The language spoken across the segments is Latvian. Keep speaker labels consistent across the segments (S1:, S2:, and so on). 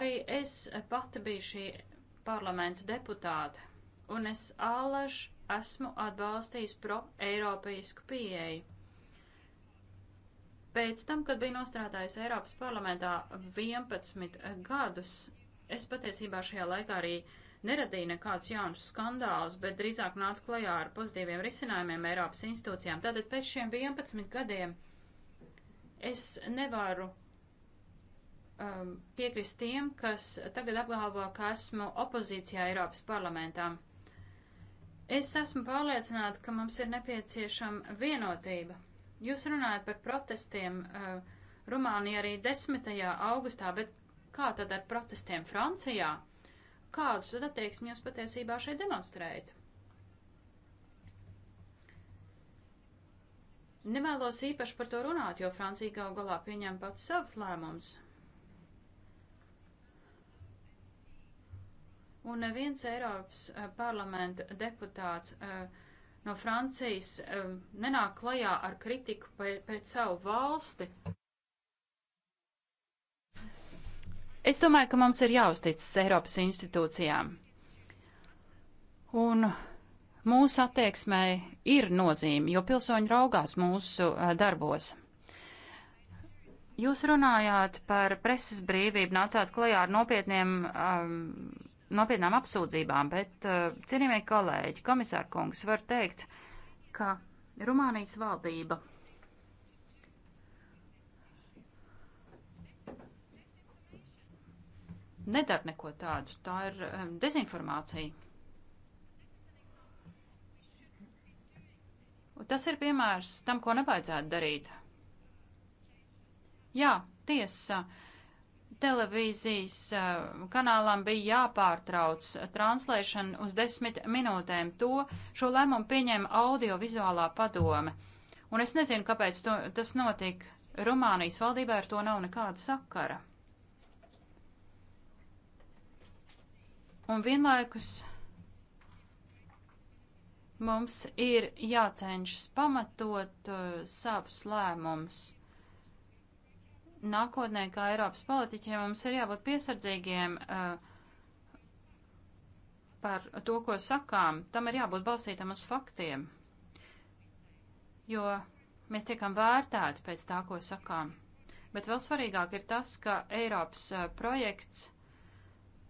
S1: Arī es pati biju šī parlamenta deputāte, un es ālaž esmu atbalstījis pro-eiropeisku pieeju. Pēc tam, kad biju nostrādājis Eiropas parlamentā 11 gadus, es patiesībā šajā laikā arī neradīju nekādus jaunus skandālus, bet drīzāk nācu klajā ar pozitīviem risinājumiem Eiropas institūcijām. Tātad pēc šiem 11 gadiem es nevaru um, piekrist tiem, kas tagad apgalvo, ka esmu opozīcijā Eiropas parlamentā. Es esmu pārliecināta, ka mums ir nepieciešama vienotība. Jūs runājat par protestiem uh, Rumānijā arī 10. augustā, bet kā tad ar protestiem Francijā? Kādu tad attieksmi jūs patiesībā šeit demonstrējat? Nevēlos īpaši par to runāt, jo Francija gal galā pieņem pats savus lēmumus. un neviens Eiropas eh, parlamenta deputāts eh, no Francijas eh, nenāk klajā ar kritiku pret savu valsti. Es domāju, ka mums ir jāuzticas Eiropas institūcijām. Un mūsu attieksmē ir nozīme, jo pilsoņi raugās mūsu darbos. Jūs runājāt par preses brīvību, nācāt klajā ar nopietniem um, nopietnām apsūdzībām, bet, eh, cienījamie kolēģi, komisārkungs, var teikt, ka Rumānijas valdība nedara neko tādu. Tā ir um, dezinformācija. Un tas ir piemērs tam, ko nevajadzētu darīt. Jā, tiesa. Uh, televīzijas kanālām bija jāpārtrauc translēšana uz desmit minūtēm. To šo lēmumu pieņēma audiovizuālā padome. Un es nezinu, kāpēc to, tas notika. Rumānijas valdībā ar to nav nekāda sakara. Un vienlaikus mums ir jācenšas pamatot uh, savus lēmumus nākotnē, kā Eiropas politiķiem, mums ir jābūt piesardzīgiem uh, par to, ko sakām. Tam ir jābūt balstītam uz faktiem, jo mēs tiekam vērtēti pēc tā, ko sakām. Bet vēl svarīgāk ir tas, ka Eiropas uh, projekts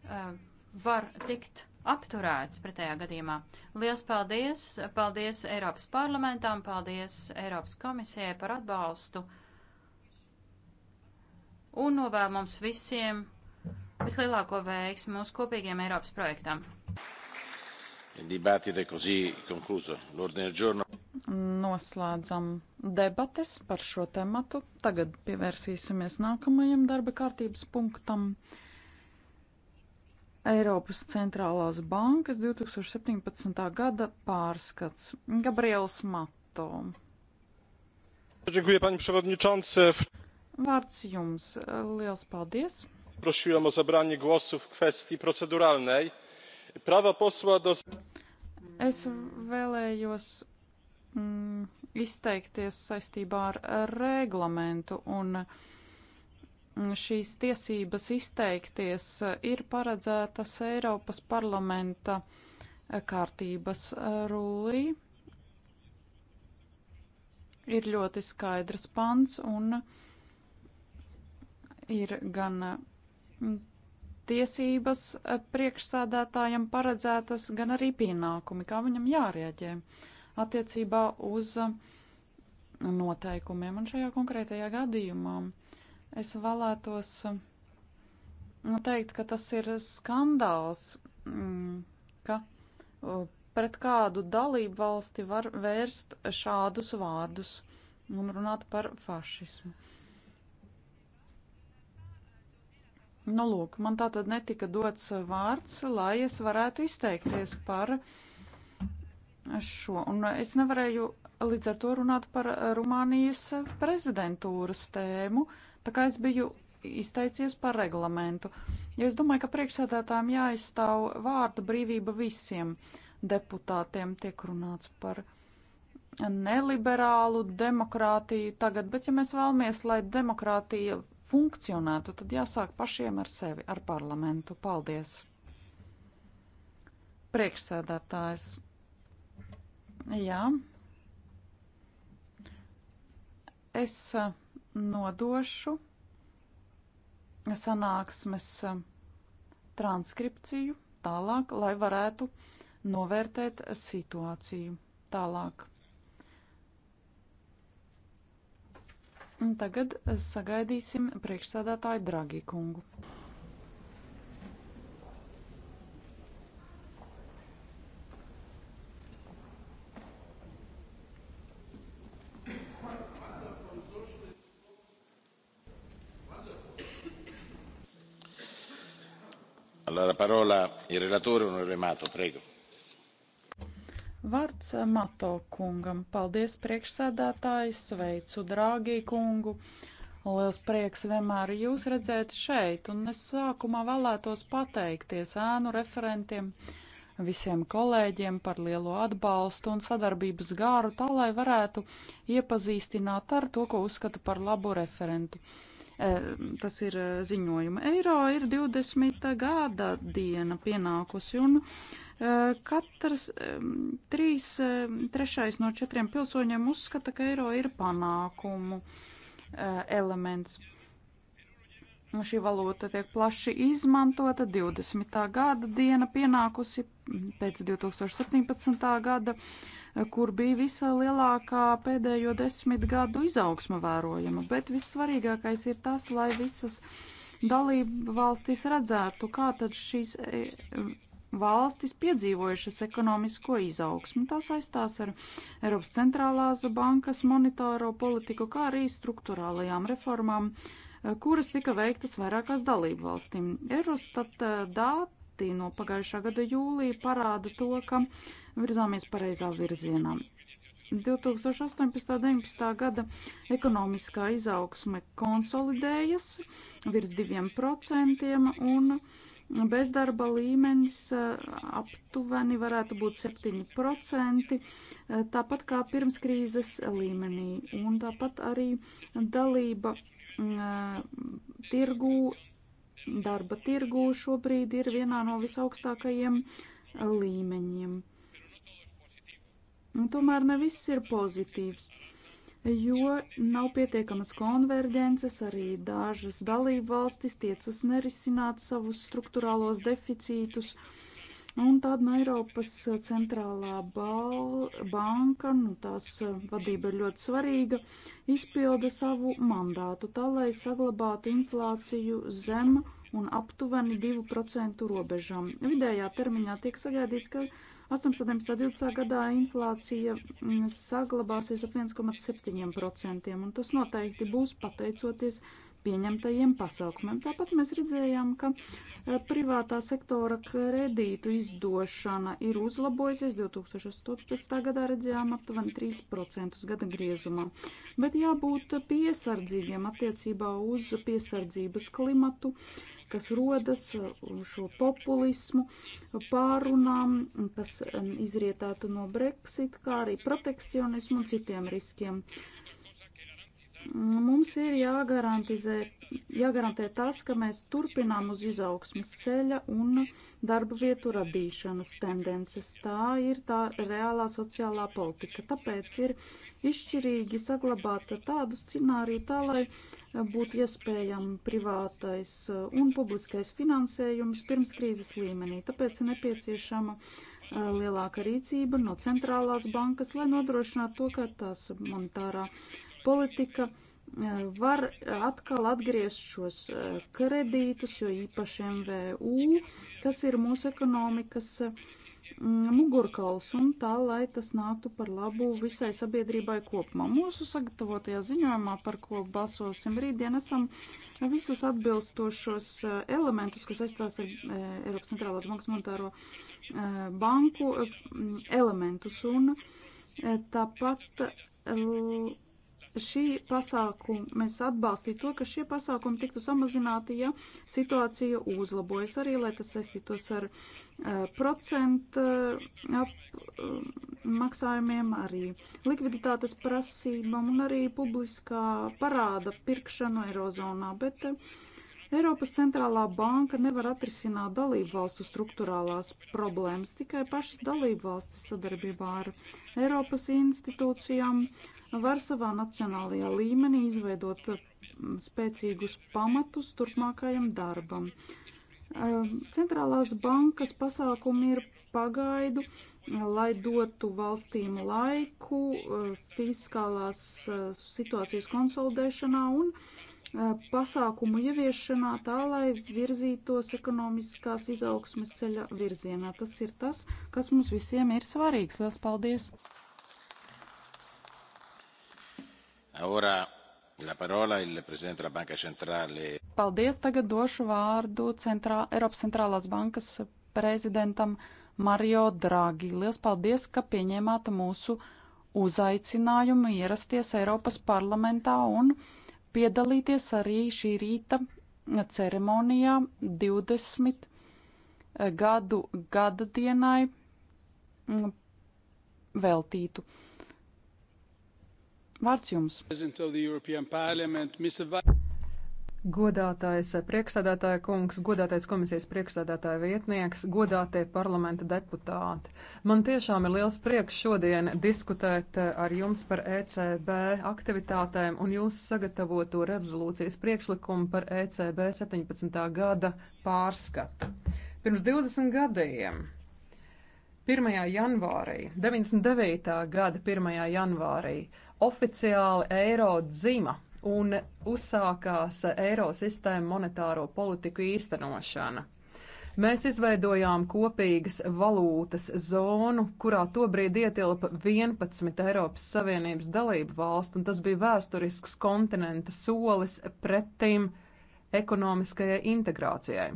S1: uh, var tikt apturēts pretējā gadījumā. Liels paldies! Paldies Eiropas parlamentam, paldies Eiropas komisijai par atbalstu! un novēl mums visiem vislielāko veiksmi mūsu kopīgiem Eiropas projektam.
S2: Noslēdzam debates par šo tematu. Tagad pievērsīsimies nākamajam darba kārtības punktam. Eiropas centrālās bankas 2017. gada pārskats. Gabriels Mato.
S1: Dziękuję, panie przewodniczący.
S2: Vārds jums. Liels paldies!
S1: Prosiłem
S3: o zabranie głosu w kwestii proceduralnej. Prawa posła do...
S2: Es vēlējos mm, izteikties saistībā ar reglamentu un mm, šīs tiesības izteikties ir paredzētas Eiropas parlamenta kārtības rullī. Ir ļoti skaidrs pants un uh, ir gan mm, tiesības eh, priekšsēdētājam paredzētas, gan arī pienākumi, kā viņam jārēģē attiecībā uz mm, noteikumiem. Un šajā konkrētajā gadījumā es vēlētos mm, teikt, ka tas ir skandāls, ka pret kādu dalību valsti var vērst šādus vārdus un runāt par fašismu. Nu, lūk, man tā tad netika dots vārds, lai es varētu izteikties par šo. Un es nevarēju līdz ar to runāt par Rumānijas prezidentūras tēmu, tā kā es biju izteicies par reglamentu. Jo es domāju, ka priekšsēdētājiem jāizstāv vārda brīvība visiem deputātiem. Tiek runāts par neliberālu demokrātiju tagad, bet ja mēs vēlamies, lai demokrātija funkcionētu, tad jāsāk pašiem ar sevi, ar parlamentu. Paldies! Priekšsēdētājs. Jā. Es eh, nodošu sanāksmes eh, transkripciju tālāk, lai varētu novērtēt situāciju tālāk. Un tagad sagaidīsim priekšsādātāju Dragī kungu.
S3: Allora, parola il relatore, onorevole Mato, prego.
S2: Vārds eh, Mato kungam. Paldies priekšsēdētājs, sveicu drāgī kungu. Liels prieks vienmēr jūs redzēt šeit, un es sākumā vēlētos pateikties ēnu referentiem, visiem kolēģiem par lielo atbalstu un sadarbības gāru, tā lai varētu iepazīstināt ar to, ko uzskatu par labu referentu e, tas ir e, ziņojuma eiro, ir 20. gada diena pienākusi, un Eh, katrs trīs, trešais no četriem pilsoņiem uzskata, ka eiro ir panākumu eh, elements. Šī valūta tiek plaši izmantota. 20. gada diena pienākusi pēc 2017. gada, eh, kur bija visa lielākā pēdējo desmit gadu izaugsma vērojama. Bet vissvarīgākais ir tas, lai visas dalība valstīs redzētu, kā tad šīs valstis piedzīvojušas ekonomisko izaugsmu. Tā saistās ar Eiropas centrālās bankas monetāro politiku, kā arī struktūrālajām reformām, eh, kuras tika veiktas vairākās dalību valstīm. Eurostat eh, dati no pagājušā gada jūlija parāda to, ka virzāmies pareizā virzienā. 2018. un 19. gada ekonomiskā izaugsme konsolidējas virs 2% un Bezdarba līmenis eh, aptuveni varētu būt 7%, eh, tāpat kā pirmskrīzes līmenī. Un tāpat arī dalība mm, eh, tirgū, darba tirgū šobrīd ir vienā no visaugstākajiem līmeņiem. Un tomēr ne viss ir pozitīvs jo nav pietiekamas konverģences, arī dažas dalību valstis tiecas nerisināt savus struktūrālos deficītus. Un tad no Eiropas centrālā banka, nu, tās vadība ir ļoti svarīga, izpilda savu mandātu tā, lai saglabātu inflāciju zem un aptuveni 2% robežām. Vidējā termiņā tiek sagaidīts, ka 18.20. gadā inflācija mm, saglabāsies ap 1,7%, un tas noteikti būs pateicoties pieņemtajiem pasaukumiem. Tāpat mēs redzējām, ka e, privātā sektora kredītu izdošana ir uzlabojusies. 2018. gadā redzējām aptuveni 3% gada griezumā. Bet jābūt piesardzīgiem attiecībā uz piesardzības klimatu kas rodas uh, šo populismu pārunām, kas um, izrietētu no Brexit, kā arī protekcionismu un citiem riskiem. Uh, Nu, mums ir jāgarantē tas, ka mēs turpinām uz izaugsmas ceļa un darba vietu radīšanas tendences. Tā ir tā reālā sociālā politika. Tāpēc ir izšķirīgi saglabāt tādu scenāriju tā, lai būtu iespējama privātais uh, un publiskais finansējums pirms krīzes līmenī. Tāpēc ir nepieciešama uh, lielāka rīcība no centrālās bankas, lai nodrošinātu to, ka tās monetārā. Uh, politika eh, var atkal atgriezt šos eh, kredītus, jo īpaši MVU, kas ir mūsu ekonomikas mm, mugurkauls, un tā, lai tas nāktu par labu visai sabiedrībai kopumā. Mūsu sagatavotajā ziņojumā, par ko balsosim rītdien, esam visus atbilstošos eh, elementus, kas aizstās ar Eiropas centrālās bankas monetāro banku mm, elementus, un tāpat šī pasākuma, mēs atbalstītu to, ka šie pasākumi tiktu samazināti, ja situācija uzlabojas arī, lai tas saistītos ar uh, procentu uh, maksājumiem, arī likviditātes prasībām un arī publiskā parāda pirkšanu Eirozonā. Bet, uh, Eiropas centrālā banka nevar atrisināt dalību valstu struktūrālās problēmas, tikai pašas dalību valstis sadarbībā ar Eiropas institūcijām var savā nacionālajā līmenī izveidot spēcīgus pamatus turpmākajam darbam. Centrālās bankas pasākumi ir pagaidu, lai dotu valstīm laiku fiskālās situācijas konsolidēšanā un pasākumu ieviešanā tā, lai virzītos ekonomiskās izaugsmes ceļa virzienā. Tas ir tas, kas mums visiem ir svarīgs. Lielas paldies!
S3: Ora la parola il presidente della Banca Centrale.
S2: Paldies, tagad došu vārdu centrā, Eiropas centrālās bankas prezidentam Mario Draghi. Liels paldies, ka pieņēmāt mūsu uzaicinājumu ierasties Eiropas parlamentā un piedalīties arī šī rīta ceremonijā 20 gadu gada dienai
S3: veltītu. Vārds jums. Godātais priekšsēdētāja kungs, godātais komisijas priekšsēdētāja vietnieks, godātie parlamenta deputāti. Man tiešām ir liels prieks šodien diskutēt ar jums par ECB aktivitātēm un jūsu sagatavoto rezolūcijas priekšlikumu par ECB 17. gada pārskatu. Pirms 20 gadiem 1. janvārī, 99. gada 1. janvārī, oficiāli eiro dzima un uzsākās eiro sistēma monetāro politiku īstenošana. Mēs izveidojām kopīgas valūtas zonu, kurā tobrīd ietilpa 11 Eiropas Savienības dalību valstu, un tas bija vēsturisks kontinenta solis pretim ekonomiskajai integrācijai.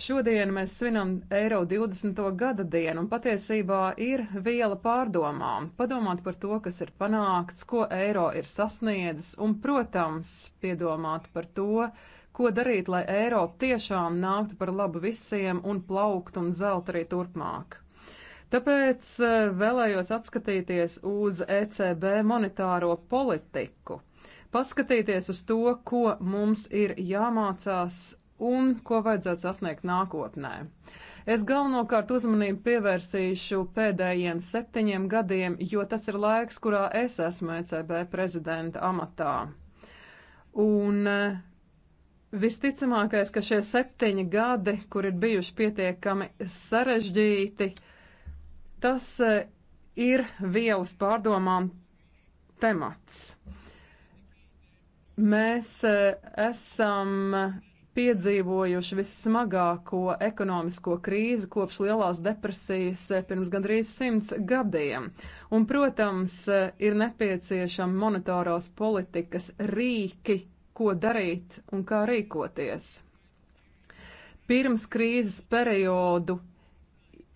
S3: Šodien mēs svinam Eiro 20. gada dienu, un patiesībā ir viela pārdomām. Padomāt par to, kas ir panākts, ko eiro ir sasniedzis, un, protams, piedomāt par to, ko darīt, lai eiro tiešām nāktu par labu visiem un plaukt un zelt arī turpmāk. Tāpēc eh, vēlējos atskatīties uz ECB monetāro politiku, paskatīties uz to, ko mums ir jāmācās un ko vajadzētu sasniegt nākotnē. Es galvenokārt uzmanību pievērsīšu pēdējiem septiņiem gadiem, jo tas ir laiks, kurā es esmu ECB prezidenta amatā. Un eh, visticamākais, ka šie septiņi gadi, kur ir bijuši pietiekami sarežģīti, tas eh, ir vielas pārdomām temats. Mēs eh, esam piedzīvojuši vissmagāko ekonomisko krīzi kopš Lielās depresijas pirms gandrīz simts gadiem. Un, protams, ir nepieciešama monetārās politikas rīki, ko darīt un kā rīkoties. Pirms krīzes periodu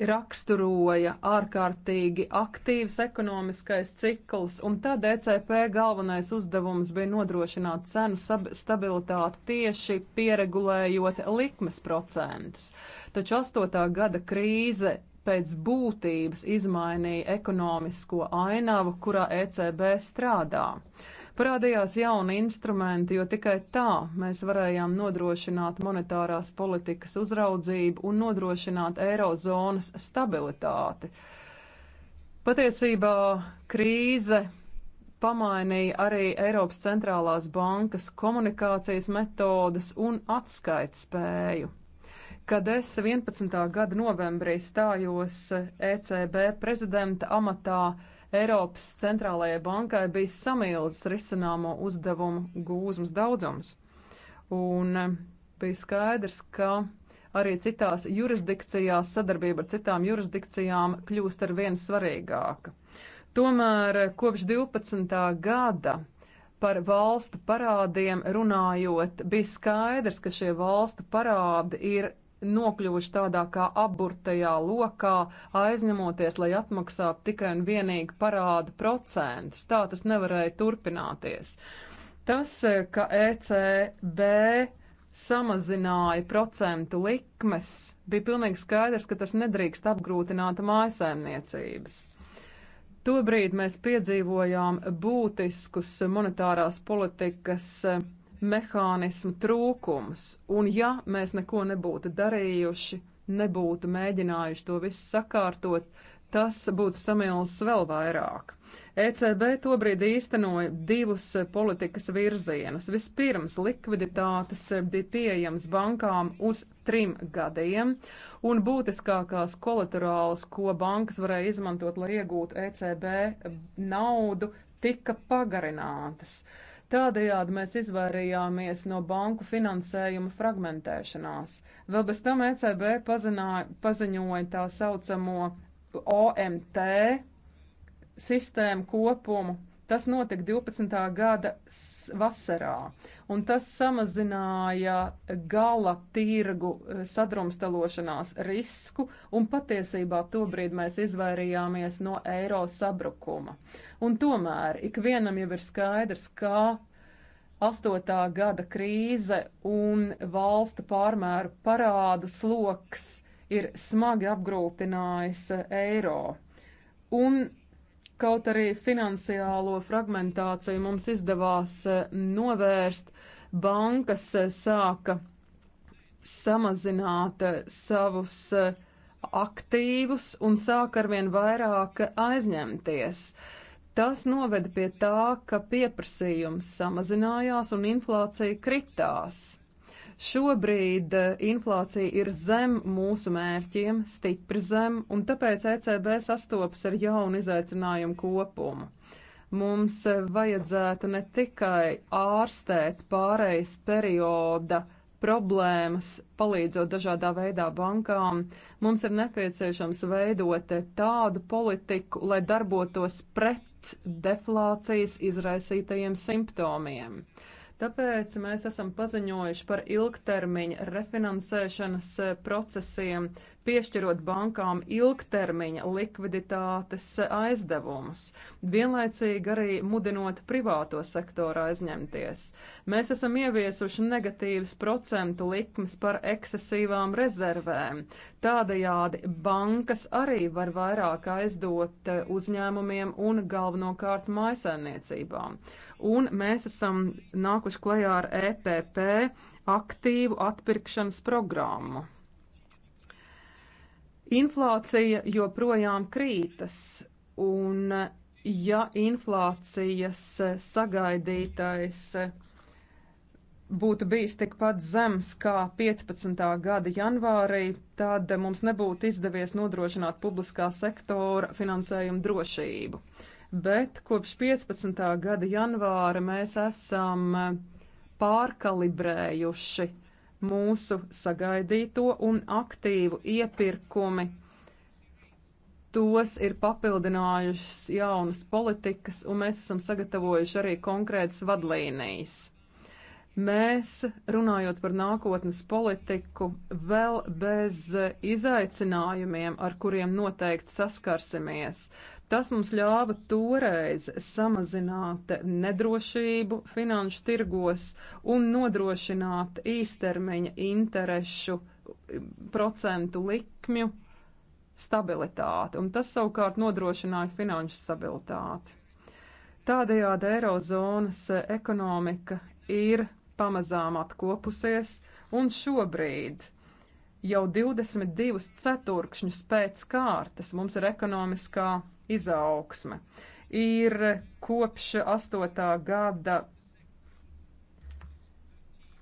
S3: raksturoja ārkārtīgi aktīvs ekonomiskais cikls, un tad ECP galvenais uzdevums bija nodrošināt cenu stabilitāti tieši pieregulējot likmes procentus. Taču astotā gada krīze pēc būtības izmainīja ekonomisko ainavu, kurā ECB strādā. Parādījās jauni instrumenti, jo tikai tā mēs varējām nodrošināt monetārās politikas uzraudzību un nodrošināt eirozonas stabilitāti. Patiesībā krīze pamainīja arī Eiropas centrālās bankas komunikācijas metodas un atskaitspēju. Kad es 11. gada novembrī stājos ECB prezidenta amatā, Eiropas centrālajai bankai bija samilzis risināmo uzdevumu gūzums daudzums. Un eh, bija skaidrs, ka arī citās jurisdikcijās sadarbība ar citām jurisdikcijām kļūst ar vien svarīgāka. Tomēr eh, kopš 12. gada par valstu parādiem runājot, bija skaidrs, ka šie valstu parādi ir nokļuvuši tādā kā aburtajā lokā, aizņemoties, lai atmaksātu tikai un vienīgi parādu procentus. Tā tas nevarēja turpināties. Tas, eh, ka ECB samazināja procentu likmes, bija pilnīgi skaidrs, ka tas nedrīkst apgrūtināt mājasēmniecības. Tobrīd mēs piedzīvojām būtiskus monetārās politikas eh, mehānismu trūkums, un ja mēs neko nebūtu darījuši, nebūtu mēģinājuši to visu sakārtot, tas būtu samilsts vēl vairāk. ECB tobrīd īstenoja divus politikas virzienus. Vispirms likviditātes bija pieejams bankām uz trim gadiem, un būtiskākās kolaterāls, ko bankas varēja izmantot, lai iegūtu ECB naudu, tika pagarinātas. Uh, Tādējādi mēs izvairījāmies no banku finansējuma fragmentēšanās. Vēl bez tam ECB pazināja, paziņoja tā saucamo OMT sistēmu kopumu Tas notika 12. gada vasarā, un tas samazināja gala tirgu eh, sadrumstalošanās risku, un patiesībā tobrīd mēs izvairījāmies no eiro sabrukuma. Un tomēr ikvienam jau ir skaidrs, kā astotā gada krīze un valstu pārmēru parādu sloks ir smagi apgrūtinājis eiro. Un Kaut arī finansiālo fragmentāciju mums izdevās eh, novērst, bankas eh, sāka samazināt eh, savus aktīvus un sāka arvien vairāk aizņemties. Tas noveda pie tā, ka pieprasījums samazinājās un inflācija kritās. Šobrīd eh, inflācija ir zem mūsu mērķiem, stipri zem, un tāpēc ECB sastopas ar jaunu izaicinājumu kopumu. Mums eh, vajadzētu ne tikai ārstēt pārejas perioda problēmas, palīdzot dažādā veidā bankām. Mums ir nepieciešams veidot tādu politiku, lai darbotos pret deflācijas izraisītajiem simptomiem. Uh, Tāpēc mēs esam paziņojuši par ilgtermiņa refinansēšanas eh, procesiem, piešķirot bankām ilgtermiņa likviditātes aizdevumus, vienlaicīgi arī mudinot privāto sektoru aizņemties. Mēs esam ieviesuši negatīvas procentu likmes par ekscesīvām rezervēm. Tādējādi bankas arī var vairāk aizdot uzņēmumiem un galvenokārt maisaimniecībām. Un mēs esam nākuši klajā ar EPP aktīvu atpirkšanas programmu. Inflācija joprojām krītas, un ja inflācijas sagaidītais būtu bijis tikpat zems kā 15. gada janvārī, tad mums nebūtu izdevies nodrošināt publiskā sektora finansējumu drošību. Bet kopš 15. gada janvāra mēs esam pārkalibrējuši mūsu sagaidīto un aktīvu iepirkumi. Tos ir papildinājušas jaunas politikas, un mēs esam sagatavojuši arī konkrētas vadlīnijas. Mēs, runājot par nākotnes politiku, vēl bez izaicinājumiem, ar kuriem noteikti saskarsimies, Tas mums ļāva toreiz samazināt nedrošību finanšu tirgos un nodrošināt īstermiņa interešu procentu likmju stabilitāti, un tas savukārt nodrošināja finanšu stabilitāti. Tādējādi Eirozonas ekonomika ir pamazām atkopusies, un šobrīd jau 22 ceturkšņus pēc kārtas mums ir ekonomiskā izaugsme. Ir kopš 8. gada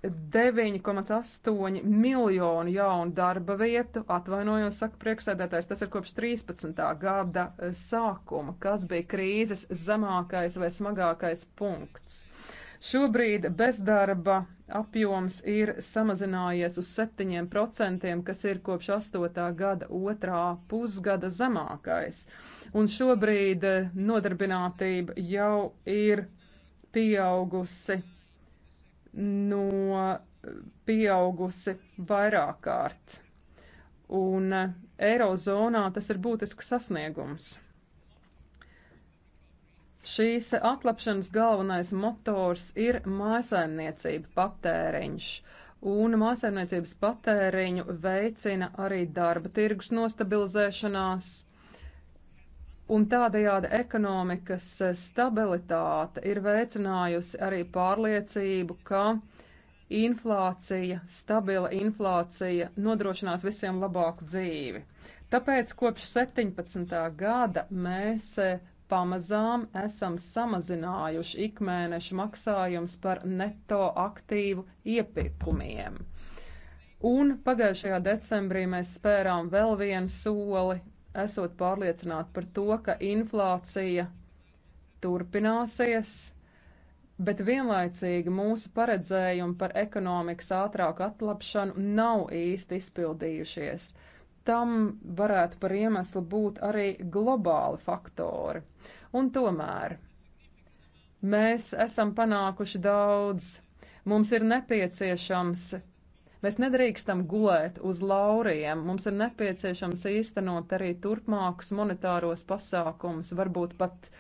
S3: 9,8 miljonu jaunu darba vietu. Atvainojos, saka priekšsēdētājs, tas ir kopš 13. gada sākuma, kas bija krīzes zemākais vai smagākais punkts. Šobrīd bezdarba apjoms ir samazinājies uz 7%, kas ir kopš 8. gada otrā pusgada zemākais. Un šobrīd eh, nodarbinātība jau ir pieaugusi no eh, pieaugusi vairāk kārt. Un eh, Eirozonā tas ir būtisks sasniegums. Šīs atlapšanas galvenais motors ir mājasaimniecība patēriņš, un mājasaimniecības patēriņu veicina arī darba tirgus nostabilizēšanās un tādējādi ekonomikas stabilitāte ir veicinājusi arī pārliecību, ka inflācija, stabila inflācija nodrošinās visiem labāku dzīvi. Tāpēc kopš 17. gada mēs pamazām esam samazinājuši ikmēneša maksājums par neto aktīvu iepirkumiem. Un pagājušajā decembrī mēs spērām vēl vienu soli, esot pārliecināti par to, ka inflācija turpināsies, bet vienlaicīgi mūsu paredzējumi par ekonomikas ātrāku atlapšanu nav īsti izpildījušies. Uh, tam varētu par iemeslu būt arī globāli faktori. Un tomēr mēs esam panākuši daudz. Mums ir nepieciešams, mēs nedrīkstam gulēt uz lauriem, mums ir nepieciešams īstenot arī turpmākus monetāros pasākumus, varbūt pat uh,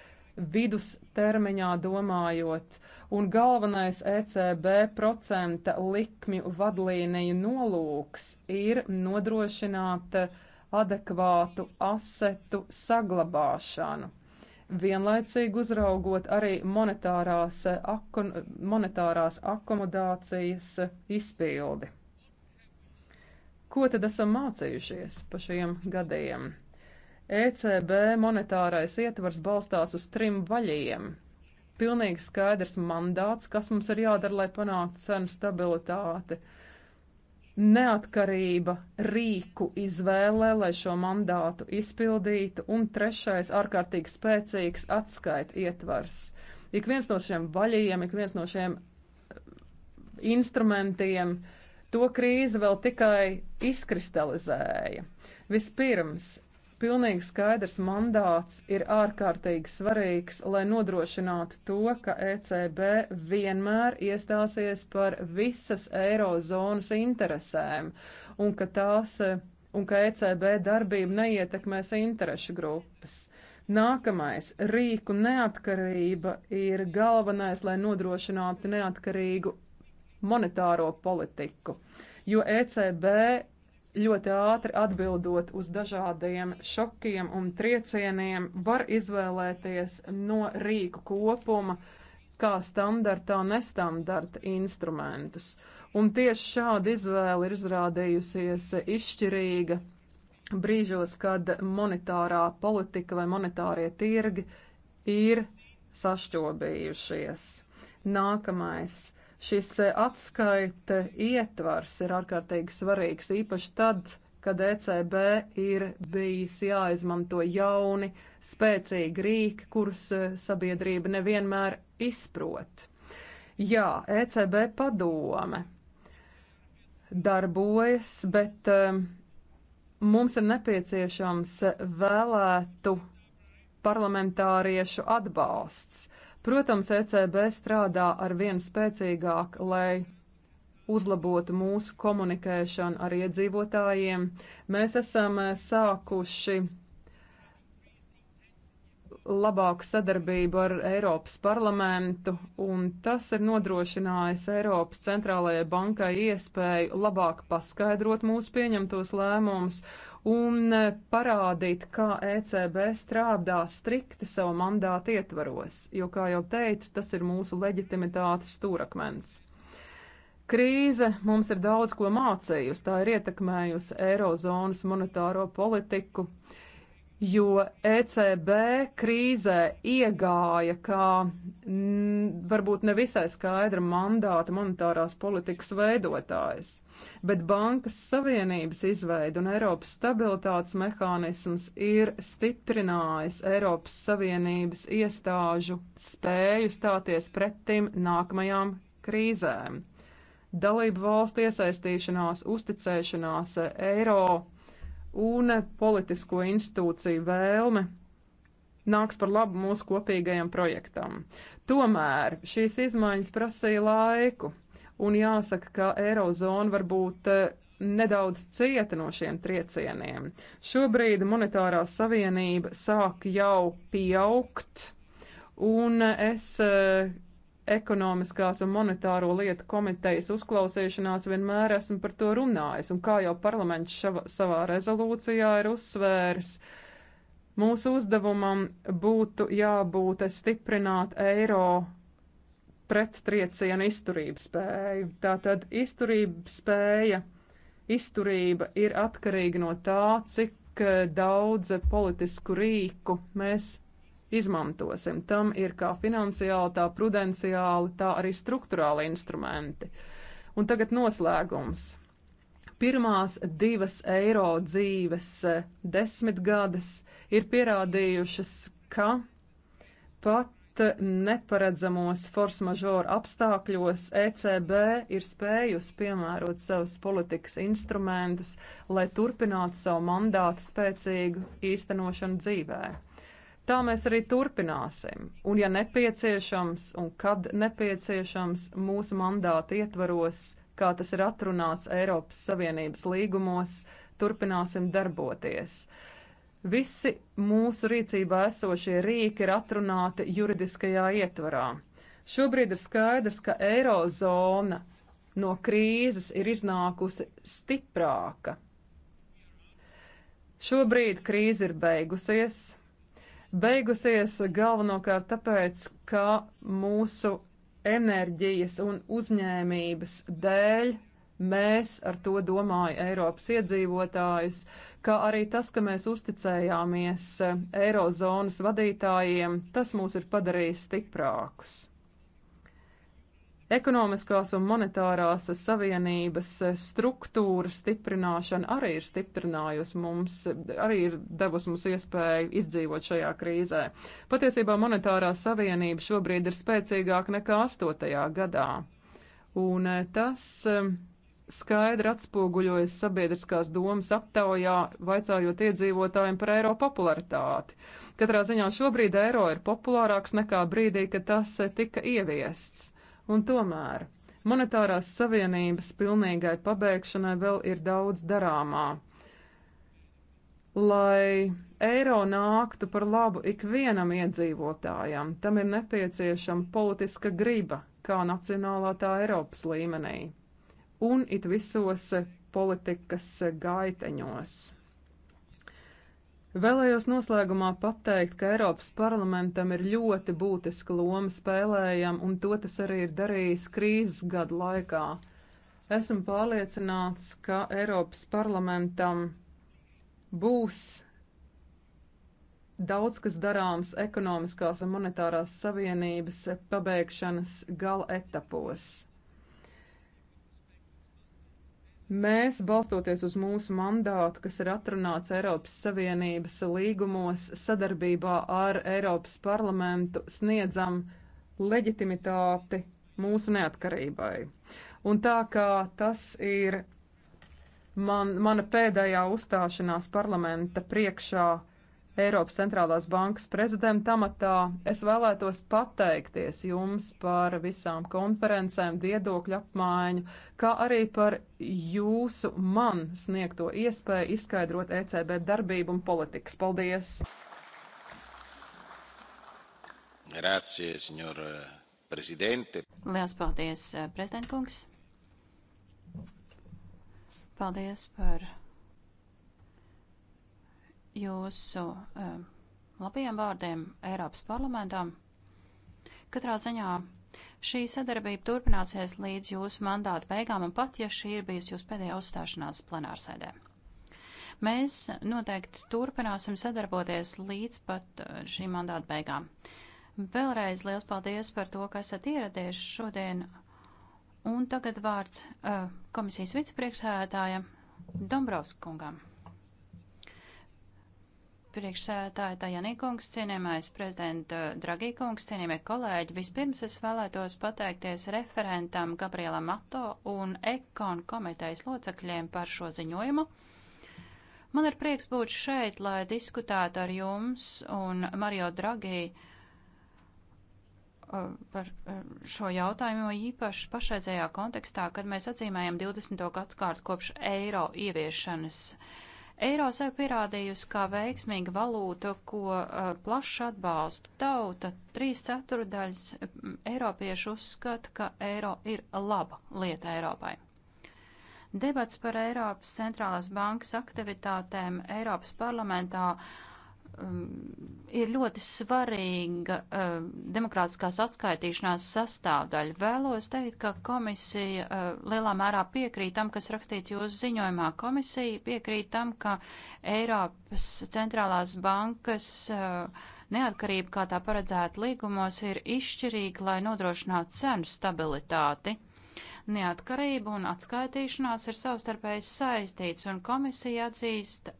S3: vidustermiņā domājot, un galvenais ECB procenta likmju vadlīniju nolūks ir nodrošināt adekvātu asetu saglabāšanu. Vienlaicīgi uzraugot arī monetārās, akon, monetārās akomodācijas izpildi. Ko tad esam mācījušies pa šiem gadiem? ECB monetārais ietvars balstās uz trim vaļiem. Pilnīgi skaidrs mandāts, kas mums ir jādara, lai panāktu cenu stabilitāti. Neatkarība rīku izvēlē, lai šo mandātu izpildītu, un trešais ārkārtīgi spēcīgs atskaita ietvars. Ik viens no šiem vaļiem, ik viens no šiem instrumentiem to krīze vēl tikai izkristalizēja. Vispirms pilnīgi skaidrs mandāts ir ārkārtīgi svarīgs, lai nodrošinātu to, ka ECB vienmēr iestāsies par visas eirozonas interesēm un ka tās un ka ECB darbība neietekmēs interešu grupas. Nākamais - rīku neatkarība ir galvenais, lai nodrošinātu neatkarīgu monetāro politiku, jo ECB ļoti ātri atbildot uz dažādiem šokiem un triecieniem, var izvēlēties no rīku kopuma kā standarta un nestandarta instrumentus. Un tieši šāda izvēle ir izrādījusies izšķirīga brīžos, kad monetārā politika vai monetārie tirgi ir sašķobījušies. Nākamais Šis e, atskaita ietvars ir ārkārtīgi svarīgs, īpaši tad, kad ECB ir bijis jāizmanto jauni, spēcīgi rīki, kurus e, sabiedrība nevienmēr izprot. Jā, ECB padome darbojas, bet e, mums ir nepieciešams vēlētu parlamentāriešu atbalsts. Protams, ECB strādā ar vien spēcīgāk, lai uzlabotu mūsu komunikēšanu ar iedzīvotājiem. Mēs esam eh, sākuši labāku sadarbību ar Eiropas parlamentu, un tas ir nodrošinājis Eiropas centrālajai bankai iespēju labāk paskaidrot mūsu pieņemtos lēmumus un eh, parādīt, kā ECB strādā strikti savu mandātu ietvaros, jo, kā jau teicu, tas ir mūsu leģitimitātes stūrakmens. Krīze mums ir daudz ko mācījusi, tā ir ietekmējusi Eirozonas monetāro politiku, jo ECB krīzē iegāja kā m, mm, varbūt nevisai skaidra mandāta monetārās politikas veidotājs bet Bankas Savienības izveida un Eiropas stabilitātes mehānisms ir stiprinājis Eiropas Savienības iestāžu spēju stāties pretim nākamajām krīzēm. Dalību valstu iesaistīšanās, uzticēšanās eiro un politisko institūciju vēlme nāks par labu mūsu kopīgajam projektam. Tomēr šīs izmaiņas prasīja laiku un jāsaka, ka Eirozona varbūt eh, nedaudz cieta no šiem triecieniem. Šobrīd monetārā savienība sāk jau pieaugt, un es eh, ekonomiskās un monetāro lietu komitejas uzklausīšanās vienmēr esmu par to runājis, un kā jau parlaments šava, savā rezolūcijā ir uzsvērs, mūsu uzdevumam būtu jābūt stiprināt eiro prettrieciena izturības spēju. Tātad izturības spēja, izturība ir atkarīga no tā, cik eh, daudz politisku rīku mēs izmantosim. Tam ir kā finansiāli, tā prudenciāli, tā arī struktūrāli instrumenti. Un tagad noslēgums. Pirmās divas eiro dzīves eh, desmitgades ir pierādījušas, ka pat neparedzamos force majeure apstākļos ECB ir spējusi piemērot savus politikas instrumentus, lai turpinātu savu mandātu spēcīgu īstenošanu dzīvē. Tā mēs arī turpināsim, un, ja nepieciešams, un kad nepieciešams, mūsu mandāta ietvaros, kā tas ir atrunāts Eiropas Savienības līgumos, turpināsim darboties. Uh, Visi mūsu rīcībā esošie rīki ir atrunāti juridiskajā ietvarā. Šobrīd ir skaidrs, ka eirozona no krīzes ir iznākusi stiprāka. Šobrīd krīze ir beigusies. Beigusies galvenokārt tāpēc, ka mūsu enerģijas un uzņēmības dēļ mēs ar to domāju Eiropas iedzīvotājus, kā arī tas, ka mēs uzticējāmies eh, Eirozonas vadītājiem, tas mūs ir padarījis stiprākus. Ekonomiskās un monetārās savienības eh, struktūra stiprināšana arī ir stiprinājusi mums, arī ir devusi mums iespēju izdzīvot šajā krīzē. Patiesībā monetārā savienība šobrīd ir spēcīgāka nekā 8. gadā. Un eh, tas skaidri atspoguļojas sabiedriskās domas aptaujā, vaicājot iedzīvotājiem par eiro popularitāti. Katrā ziņā šobrīd eiro ir populārāks nekā brīdī, kad tas tika ieviests. Un tomēr monetārās savienības pilnīgai pabeigšanai vēl ir daudz darāmā. Lai eiro nāktu par labu ikvienam iedzīvotājam, tam ir nepieciešama politiska griba, kā nacionālā tā Eiropas līmenī un it visos politikas gaiteņos. Vēlējos noslēgumā pateikt, ka Eiropas parlamentam ir ļoti būtiska loma spēlējama, un to tas arī ir darījis krīzes gadu laikā. Esmu pārliecināts, ka Eiropas parlamentam būs daudz kas darāms ekonomiskās un monetārās savienības pabeigšanas gala etapos. Mēs, balstoties uz mūsu mandātu, kas ir atrunāts Eiropas Savienības līgumos, sadarbībā ar Eiropas parlamentu sniedzam leģitimitāti mūsu neatkarībai. Un tā kā tas ir man, mana pēdējā uzstāšanās parlamenta priekšā Eiropas centrālās bankas prezidenta amatā. Es vēlētos pateikties jums par visām konferencēm, viedokļu apmaiņu, kā arī par jūsu man sniegto iespēju izskaidrot ECB darbību un politikas. Paldies!
S1: Grazie, signor eh, Presidente. Lielas paldies, eh, prezidentkungs. Paldies par jūsu uh, labajiem vārdiem Eiropas parlamentam. Katrā ziņā šī sadarbība turpināsies līdz jūsu mandāta beigām, un pat ja šī ir bijusi jūsu pēdējā uzstāšanās plenārsēdē. Mēs noteikti turpināsim sadarboties līdz pat eh, šī mandāta beigām. Vēlreiz liels paldies par to, ka esat ieradies šodien. Un tagad vārds uh, komisijas vicepriekšsēdētājam Dombrovskungam. Priekšsētāja Tajani kungs, cienījamais prezidenta Dragī kungs, cienījamie kolēģi, vispirms es vēlētos pateikties referentam Gabrielam Mato un Ekon komitejas locekļiem par šo ziņojumu. Man ir prieks būt šeit, lai diskutētu ar jums un Mario Dragī uh, par uh, šo jautājumu īpaši pašreizējā kontekstā, kad mēs atzīmējam 20. gadskārtu kopš eiro ieviešanas. Uh, Eiro sev pierādījusi kā veiksmīga valūta, ko uh, plaši atbalsta tauta. Trīs ceturdaļas mm, eiropiešu uzskata, ka eiro ir laba lieta Eiropai. Debats par Eiropas centrālās bankas aktivitātēm Eiropas parlamentā uh, um, ir ļoti svarīga um, demokrātiskās atskaitīšanās sastāvdaļa. Vēlos teikt, ka komisija uh, lielā mērā piekrīt tam, kas rakstīts jūsu ziņojumā. Komisija piekrīt tam, ka Eiropas centrālās bankas uh, neatkarība, kā tā paredzēta līgumos, ir izšķirīga, lai nodrošinātu cenu stabilitāti. Neatkarība un atskaitīšanās ir savstarpēji saistīts, un komisija atzīst,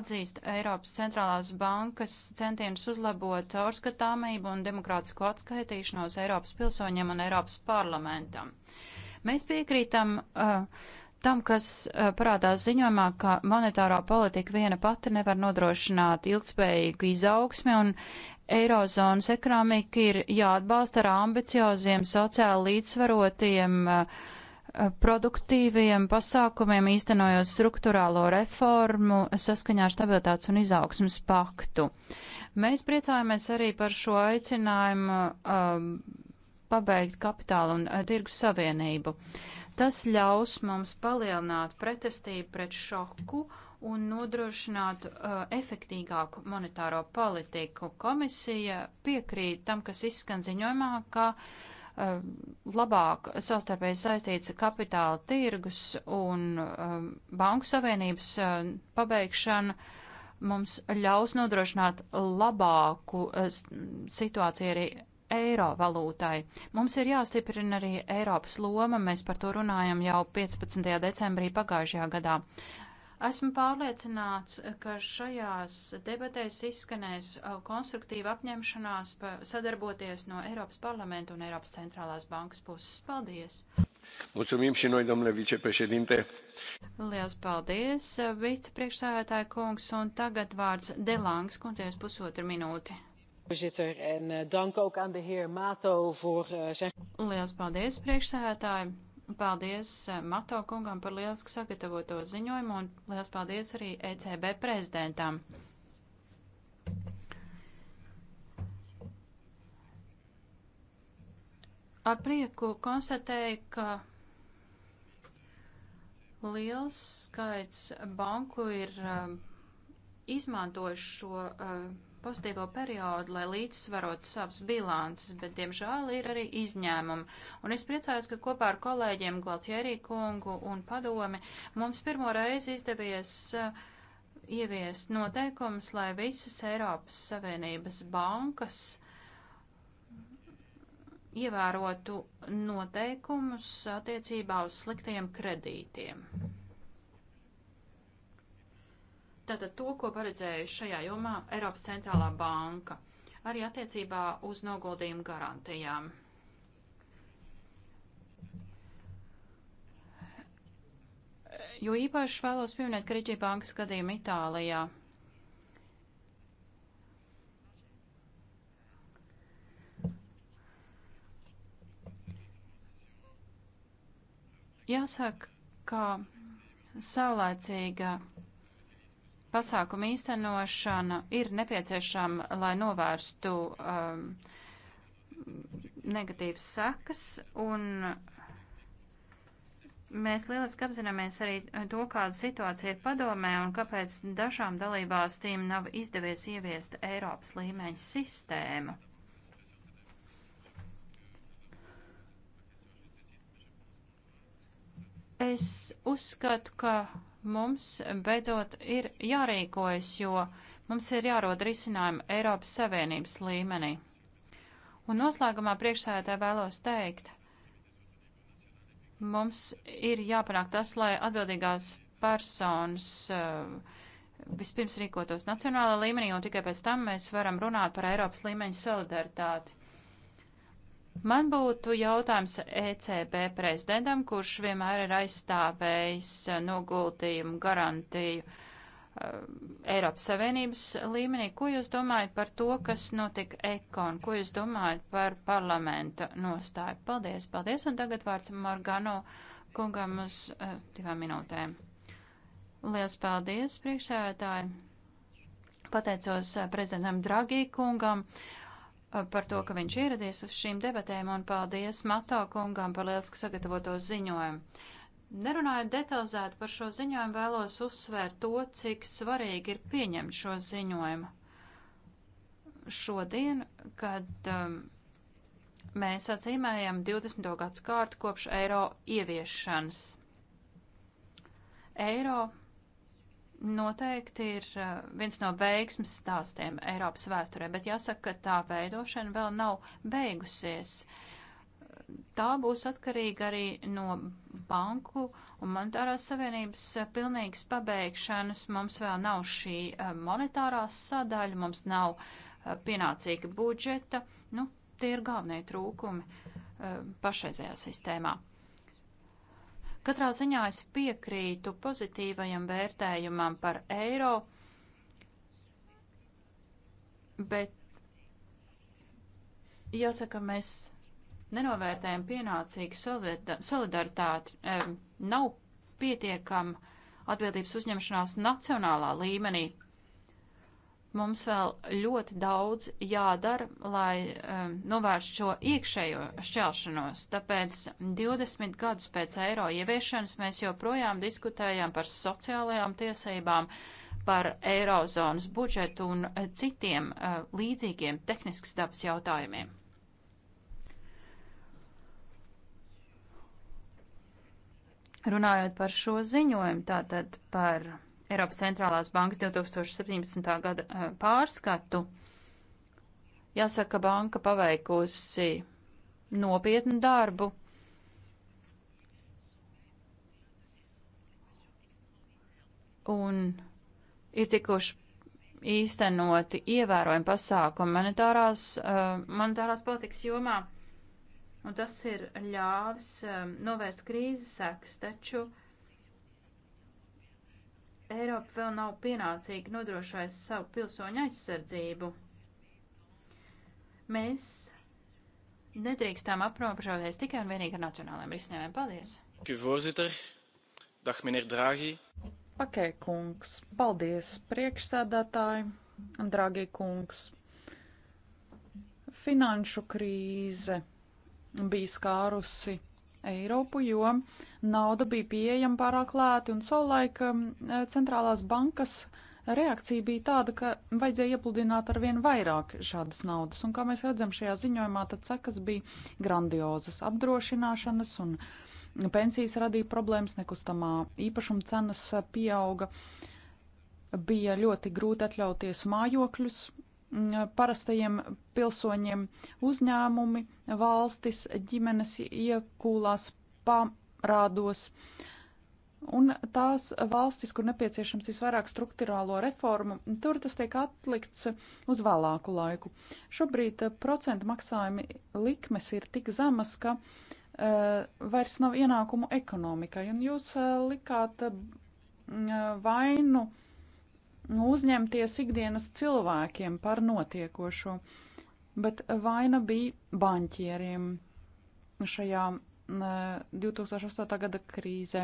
S1: atzīst Eiropas centrālās bankas centienus uzlabot caurskatāmību un demokrātisko atskaitīšanos Eiropas pilsoņiem un Eiropas parlamentam. Mēs piekrītam uh, tam, kas uh, parādās ziņojumā, ka monetārā politika viena pati nevar nodrošināt ilgspējīgu izaugsmi un Eirozonas ekonomika ir jāatbalsta ar ambicioziem, sociāli līdzsvarotiem, eh, produktīviem pasākumiem, īstenojot struktūrālo reformu saskaņā ar stabilitātes un izaugsmas paktu. Mēs priecājamies arī par šo aicinājumu um, pabeigt kapitālu un uh, tirgus savienību. Tas ļaus mums palielināt pretestību pret šoku un nodrošinātu uh, efektīgāku monetāro politiku. Komisija piekrīt tam, kas izskan ziņojumā, ka uh, labāk savstarpēji saistīts kapitāla tirgus un uh, banku savienības uh, pabeigšana mums ļaus nodrošināt labāku uh, situāciju arī eiro valūtai. Mums ir jāstiprina arī Eiropas loma, mēs par to runājam jau 15. decembrī pagājušajā gadā. Esmu pārliecināts, ka šajās debatēs izskanēs uh, konstruktīva apņemšanās sadarboties no Eiropas parlamenta un Eiropas centrālās bankas puses. Paldies!
S3: Mulțumim și noi, domnule vicepreședinte.
S1: Lielas paldies, uh, vicepriekšsēdētāja kungs, un tagad vārds Delangs, kundzēs pusotru minūti. Voorzitter, en uh, dank ook aan de heer Mato voor zijn. Lielas paldies, priekšsēdētāji. Paldies eh, Mato kungam par lielisku sagatavoto ziņojumu un liels paldies arī ECB prezidentam. Ar prieku konstatēju, ka liels skaits banku ir um, izmantojuši šo uh, pozitīvo periodu, lai līdzsvarotu savas bilances, bet, diemžēl, ir arī izņēmumi. Un es priecājos, ka kopā ar kolēģiem Gualtjerī kungu un padomi mums pirmo reizi izdevies uh, ieviest noteikumus, lai visas Eiropas Savienības bankas ievērotu noteikumus attiecībā uz sliktiem kredītiem. Tātad to, ko paredzējuši šajā jomā Eiropas centrālā banka, arī attiecībā uz noguldījumu garantijām. Jo īpaši vēlos pieminēt Kriģī bankas gadījumu Itālijā. Jāsaka, ka saulēcīga pasākumu īstenošana ir nepieciešama, lai novērstu um, negatīvas sekas, un mēs lieliski apzināmies arī to, kāda situācija ir padomē un kāpēc dažām dalībvalstīm nav izdevies ieviest Eiropas līmeņa sistēmu. Es uzskatu, ka Mums beidzot ir jārīkojas, jo mums ir jārod risinājumi Eiropas Savienības līmenī. Un noslēgumā priekšsēdētā vēlos teikt, mums ir jāpanāk tas, lai atbildīgās personas eh, vispirms rīkotos nacionālā līmenī, un tikai pēc tam mēs varam runāt par Eiropas līmeņa solidaritāti. Man būtu jautājums ECB prezidentam, kurš vienmēr ir aizstāvējis noguldījumu garantiju uh, Eiropas Savienības līmenī. Ko jūs domājat par to, kas notika ekon? Ko jūs domājat par parlamenta nostāju? Paldies, paldies, un tagad vārds Morgano kungam uz uh, divām minūtēm. Lielas paldies, priekšsēdētāji! Pateicos eh, prezidentam Dragī kungam. Uh, Uh, par to, ka viņš ieradies uz šīm debatēm un paldies Mato kungam par lieliski sagatavoto ziņojumu. Nerunājot detalizēti par šo ziņojumu, vēlos uzsvērt to, cik svarīgi ir pieņemt šo ziņojumu. Šodien, kad um, mēs atzīmējam 20. gads kārtu kopš eiro ieviešanas. Eiro noteikti ir eh, viens no veiksmes stāstiem Eiropas vēsturē, bet jāsaka, ka tā veidošana vēl nav beigusies. Tā būs atkarīga arī no banku un monetārās savienības eh, pilnīgas pabeigšanas. Mums vēl nav šī eh, monetārā sadaļa, mums nav pienācīga budžeta. Nu, tie ir galvenie trūkumi pašreizējā sistēmā. Katrā ziņā es piekrītu pozitīvajam vērtējumam par eiro, bet jāsaka, mēs nenovērtējam pienācīgi solidaritāti. Nav pietiekama atbildības uzņemšanās nacionālā līmenī. Mums vēl ļoti daudz jādara, lai um, novērstu šo iekšējo šķelšanos. Tāpēc 20 gadus pēc eiro ieviešanas mēs joprojām diskutējām par sociālajām tiesībām, par eirozonas budžetu un citiem uh, līdzīgiem tehniskas dabas jautājumiem. Runājot par šo ziņojumu, tātad par Eiropas centrālās bankas 2017. gada eh, pārskatu, jāsaka, banka paveikusi nopietnu darbu. Un ir tikuši īstenoti ievērojami pasākumi monetārās, uh, monetārās politikas jomā, un tas ir ļāvis um, novērst krīzes sekas, taču Eiropa vēl nav pienācīgi nodrošājusi savu pilsoņu aizsardzību. Mēs nedrīkstām aprobežoties tikai un vienīgi ar nacionālajiem risinājumiem. Paldies!
S2: Pakē kungs, paldies priekšsēdētāji, dragi kungs. Finanšu krīze bija skārusi Eiropu, jo nauda bija pieejama pārāk lēti, un savulaik um, centrālās bankas reakcija bija tāda, ka vajadzēja iepludināt ar vien vairāk šādas naudas, un kā mēs redzam šajā ziņojumā, tad sekas bija grandiozas apdrošināšanas un pensijas radīja problēmas, nekustamā īpašuma cenas pieauga, bija ļoti grūti atļauties mājokļus, parastajiem pilsoņiem uzņēmumi, valstis, ģimenes iekūlās parādos. Un tās valstis, kur nepieciešams visvairāk struktūrālo reformu, tur tas tiek atlikts uz vēlāku laiku. Šobrīd eh, procentu maksājumi likmes ir tik zemas, ka uh, vairs nav ienākumu ekonomikai, un jūs uh, likāt uh, vainu uh, Nu, uzņemties ikdienas cilvēkiem par notiekošo, bet vaina bija baņķieriem šajā 2008. gada krīzē.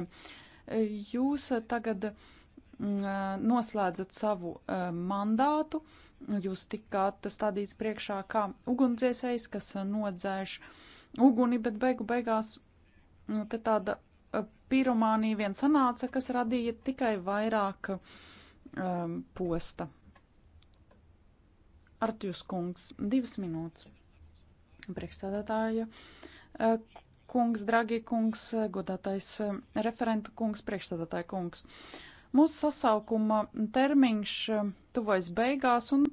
S2: Jūs tagad noslēdzat savu e, mandātu, jūs tikāt stādīts priekšā kā ugunsdzēsējs, kas nodzēš uguni, bet beigu beigās nu, te tāda e, piromānija vien sanāca, kas radīja tikai vairāk uh, um, posta. Artjus kungs, divas minūtes. Priekšsēdētāja uh, kungs, dragie kungs, godātais uh, referenta kungs, priekšsēdētāja kungs. Mūsu sasaukuma termiņš uh, tuvojas beigās, un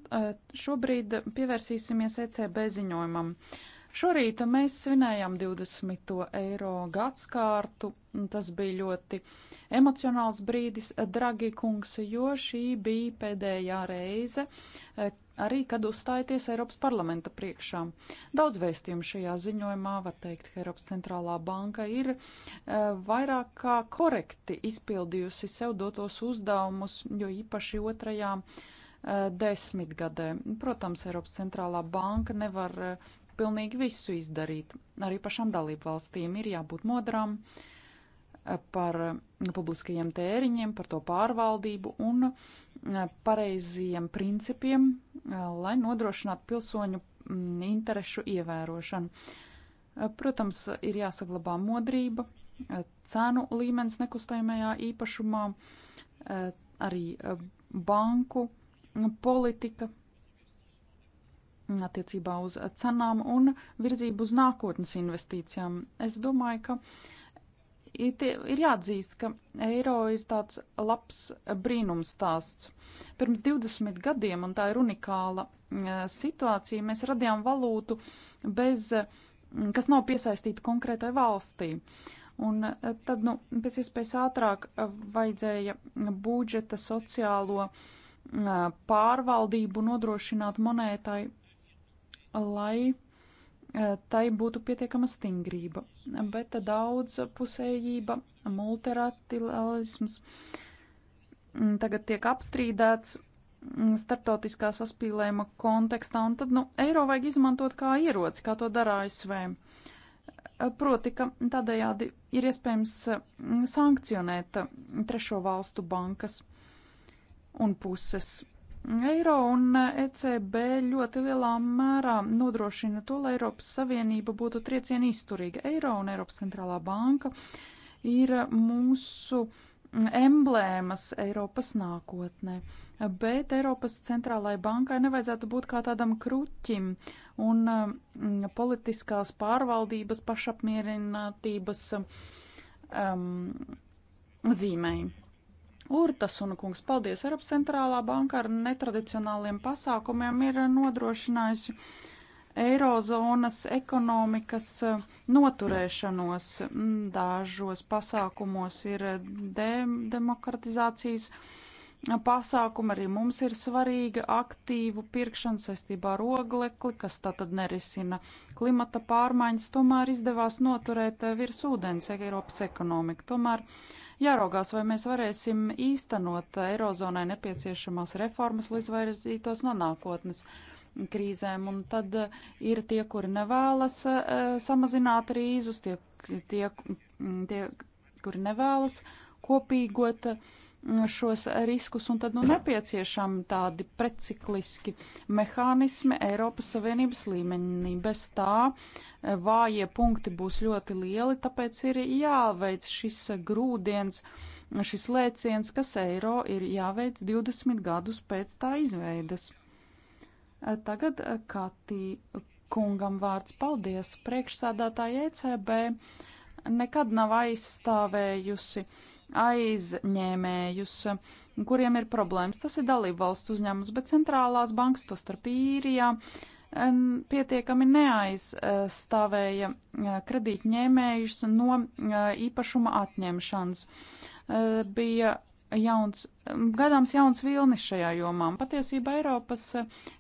S2: šobrīd pievērsīsimies ECB ziņojumam. Uh, Šorīt mēs svinējām 20. eiro gadskārtu. Tas bija ļoti emocionāls brīdis, dragi kungs, jo šī bija pēdējā reize, eh, arī kad uzstājieties Eiropas parlamenta priekšā. Daudz vēstījumu šajā ziņojumā var teikt, ka Eiropas centrālā banka ir e, vairāk kā korekti izpildījusi sev dotos uzdevumus, jo īpaši otrajā e, desmitgadē. Protams, Eiropas centrālā banka nevar pilnīgi visu izdarīt. Arī pašām dalību valstīm ir jābūt modrām eh, par mm, publiskajiem tēriņiem, par to pārvaldību un mm, pareiziem principiem, eh, lai nodrošinātu pilsoņu mm, interešu ievērošanu. Eh, protams, ir jāsaglabā modrība, cenu līmenis nekustamajā īpašumā, arī banku politika attiecībā uz cenām un virzību uz nākotnes investīcijām. Es domāju, ka ir jāatzīst, ka eiro ir tāds labs brīnumstāsts. Pirms 20 gadiem, un tā ir unikāla situācija, mēs radījām valūtu, bez, kas nav piesaistīta konkrētai valstī. Un e, tad, nu, pēc iespējas ātrāk e, vajadzēja budžeta sociālo pārvaldību nodrošināt monētai lai eh, tai būtu pietiekama stingrība, bet daudzpusējība, multilaterālisms mm, tagad tiek apstrīdēts mm, starptautiskā saspīlējuma kontekstā, un tad, nu, eiro vajag izmantot kā ieroci, kā to dara ASV. Proti, ka tādējādi ir iespējams mm, sankcionēt trešo valstu bankas un puses. Eiro un ECB ļoti lielā mērā nodrošina to, lai Eiropas Savienība būtu triecienu izturīga. Eiro un Eiropas centrālā banka ir mūsu emblēmas Eiropas nākotnē, bet Eiropas centrālajai bankai nevajadzētu būt kā tādam kruķim un mm, politiskās pārvaldības pašapmierinātības um, mm, zīmēji. Urtasuna kungs, paldies! Eiropas centrālā banka ar netradicionāliem pasākumiem ir nodrošinājusi eirozonas ekonomikas eh, noturēšanos. Mm, dažos pasākumos ir de demokratizācijas pasākumi, arī mums ir svarīga aktīvu pirkšana saistībā ar oglekli, kas tātad nerisina klimata pārmaiņas, tomēr izdevās noturēt eh, virs ūdens Eiropas ekonomiku. Tomēr uh, jāraugās, vai mēs varēsim īstenot Eirozonai nepieciešamās reformas, lai izvairītos no nākotnes krīzēm. Un tad eh, ir tie, kuri nevēlas eh, samazināt rīzus, tie, tie, tie kuri nevēlas kopīgot uh, šos riskus, un tad nu nepieciešami tādi precikliski mehānismi Eiropas Savienības līmenī. Bez tā eh, vājie punkti būs ļoti lieli, tāpēc ir jāveic šis grūdienis, šis lēciens, kas eiro ir jāveic 20 gadus pēc tā izveidas. Eh, tagad eh, Katī kungam vārds paldies priekšsādātāja ECB nekad nav aizstāvējusi uh, aizņēmējus, kuriem ir problēmas. Tas ir dalību valstu uzņēmums, bet centrālās bankas, to starp īrijā, pietiekami neaizstāvēja eh, kredītņēmējus no eh, īpašuma atņemšanas. Eh, bija jauns, gadāms jauns vilnis šajā jomā. Patiesībā Eiropas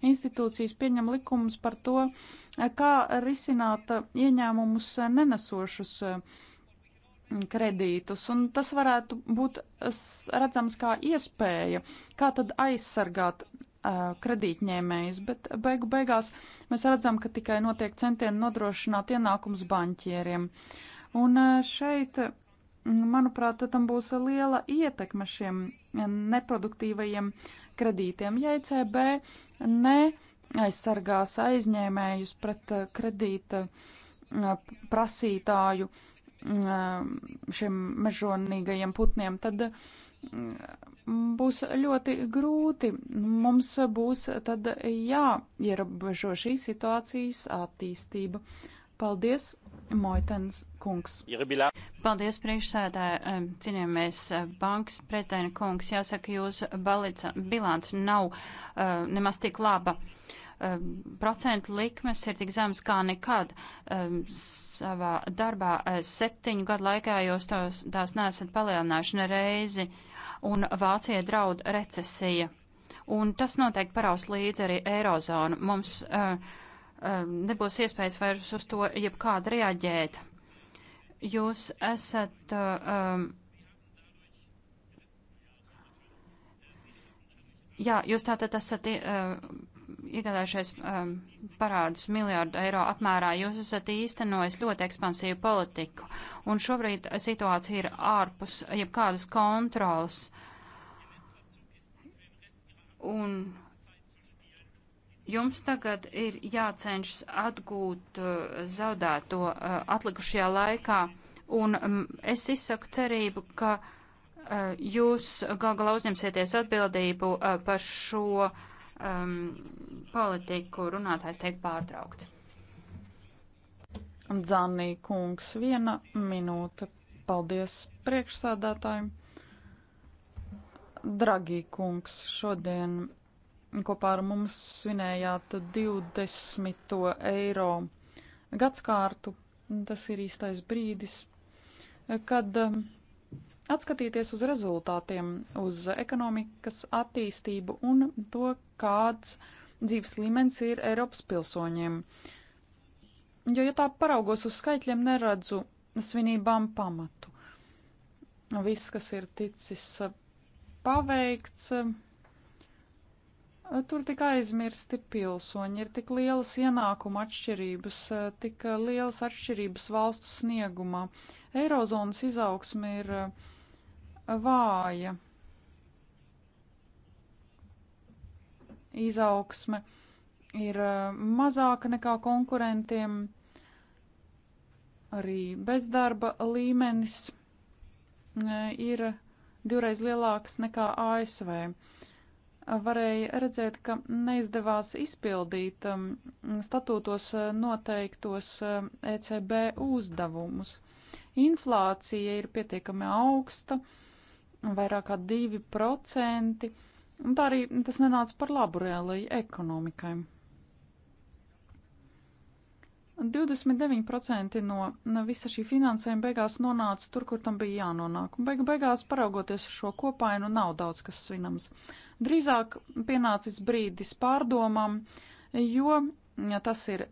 S2: institūcijas pieņem likumus par to, kā risināt ieņēmumus nenesošus uh, kredītus, un tas varētu būt redzams kā iespēja, kā tad aizsargāt uh, kredītņēmējus, bet beigu beigās mēs redzam, ka tikai notiek centieni nodrošināt ienākums baņķieriem. Un uh, šeit, manuprāt, tam būs liela ietekme šiem neproduktīvajiem kredītiem. Ja ECB ne aizsargās aizņēmējus pret kredīta prasītāju uh, šiem mežonīgajiem putniem, tad būs ļoti grūti. Mums būs tad jāierobežo
S1: šīs situācijas attīstība. Paldies, Moitens kungs. Paldies, priekšsēdāji. Cienījamies bankas prezidenta kungs. Jāsaka, jūsu bilants nav uh, nemaz tik laba. Uh, Um, procentu likmes ir tik zemas kā nekad. Um, savā darbā uh, septiņu gadu laikā jūs tos, tās nesat palielinājuši ne reizi, un Vācija draud recesija. Un tas noteikti paraus līdz arī Eirozonu. Mums uh, um, nebūs iespējas vairs uz to jebkādu reaģēt. Jūs esat. Uh, um, Jā, jūs tātad esat uh, iegādājušies um, parādus miljārdu eiro apmērā, jūs esat īstenojis ļoti ekspansīvu politiku, un šobrīd situācija ir ārpus jebkādas kontrolas. Un jums tagad ir jācenšas atgūt uh, zaudēto uh, atlikušajā laikā, un um, es izsaku cerību, ka uh, jūs gal galā uzņemsieties atbildību uh, par šo uh, um, politiku runātājs tiek pārtraukts.
S2: Dzanī kungs, viena minūte. Paldies priekšsādātājiem. Dragī kungs, šodien kopā ar mums svinējāt 20. eiro gadskārtu. Tas ir īstais brīdis, kad um, atskatīties uz rezultātiem, uz ekonomikas attīstību un to, kāds dzīves līmenis ir Eiropas pilsoņiem. Jo, ja tā paraugos uz skaitļiem, neredzu svinībām pamatu. Viss, kas ir ticis paveikts, tur tik aizmirsti pilsoņi, ir tik lielas ienākuma atšķirības, tik lielas atšķirības valstu sniegumā. Eirozonas izaugsme ir uh, vāja. Izaugsme ir uh, mazāka nekā konkurentiem, arī bezdarba līmenis uh, ir divreiz lielāks nekā ASV. Varēja redzēt, ka neizdevās izpildīt um, statūtos uh, noteiktos ECB uzdevumus. Inflācija ir pietiekami augsta, uh, vairāk kā 2%, un tā arī tas nenāca par labu reālajai ekonomikai. 29% no visa šī finansējuma beigās nonāca tur, kur tam bija jānonāk, un beigu beigās paraugoties uz šo kopainu nav daudz kas svinams. Drīzāk pienācis brīdis pārdomām, jo ja tas ir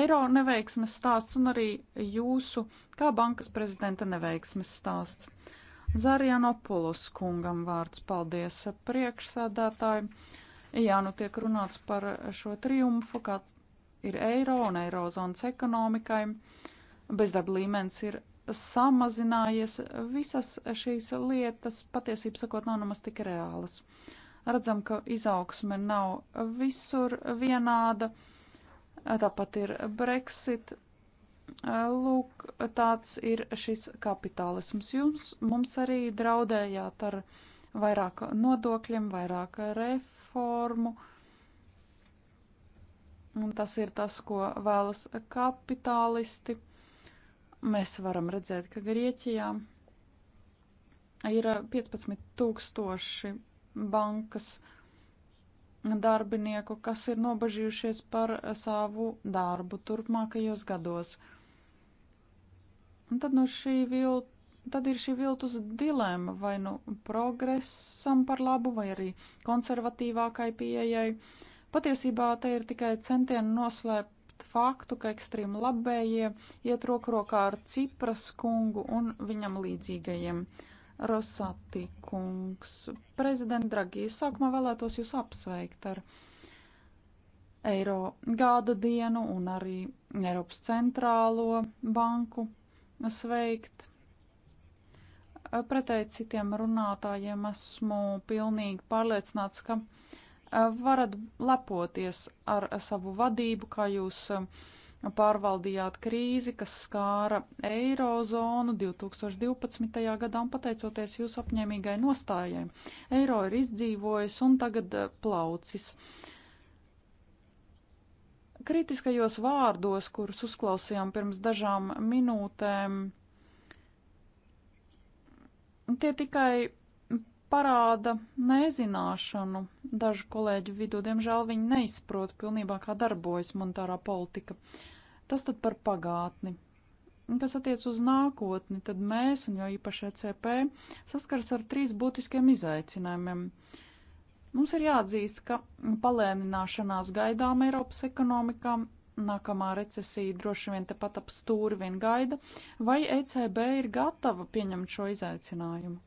S2: eiro neveiksmes stāsts un arī jūsu kā bankas prezidenta neveiksmes stāsts. Zarianopulus kungam vārds paldies priekšsādātāji. Jā, nu tiek runāts par šo triumfu, kāds ir eiro un eirozonas ekonomikai. Bezdarba līmenis ir samazinājies. Visas šīs lietas patiesībā sakot nav nemaz tik reālas. Redzam, ka izaugsme nav visur vienāda. Tāpat ir Brexit Lūk, tāds ir šis kapitālisms. Jums, mums arī draudējāt ar vairāk nodokļiem, vairāk reformu. Un tas ir tas, ko vēlas kapitālisti. Mēs varam redzēt, ka Grieķijā ir 15 tūkstoši bankas darbinieku, kas ir nobažījušies par savu darbu turpmākajos gados. Un tad, no vil, tad ir šī viltus dilēma vai nu progresam par labu, vai arī konservatīvākai pieejai. Patiesībā te ir tikai centieni noslēpt faktu, ka ekstrīma labējie iet roku rokā ar Cipras kungu un viņam līdzīgajiem. Rosati kungs, prezident Dragi, sākumā vēlētos jūs apsveikt ar eiro gada dienu un arī Eiropas centrālo banku sveikt. Pretēji citiem runātājiem esmu pilnīgi pārliecināts, ka varat lepoties ar savu vadību, kā jūs pārvaldījāt krīzi, kas skāra eirozonu 2012. gadā un pateicoties jūsu apņēmīgai nostājai. Eiro ir izdzīvojis un tagad plaucis. Uh, kritiskajos vārdos, kurus uzklausījām pirms dažām minūtēm, tie tikai parāda nezināšanu. Dažu kolēģu vidū, diemžēl, viņi neizprot pilnībā, kā darbojas monetārā politika. Tas tad par pagātni. Kas attiec uz nākotni, tad mēs, un jo īpaši ECP, saskars ar trīs būtiskiem izaicinājumiem. Uh, Mums ir jāatzīst, ka palēnināšanās gaidām Eiropas ekonomikā nākamā recesija droši vien tepat ap stūri vien gaida, vai ECB ir gatava pieņemt šo izaicinājumu.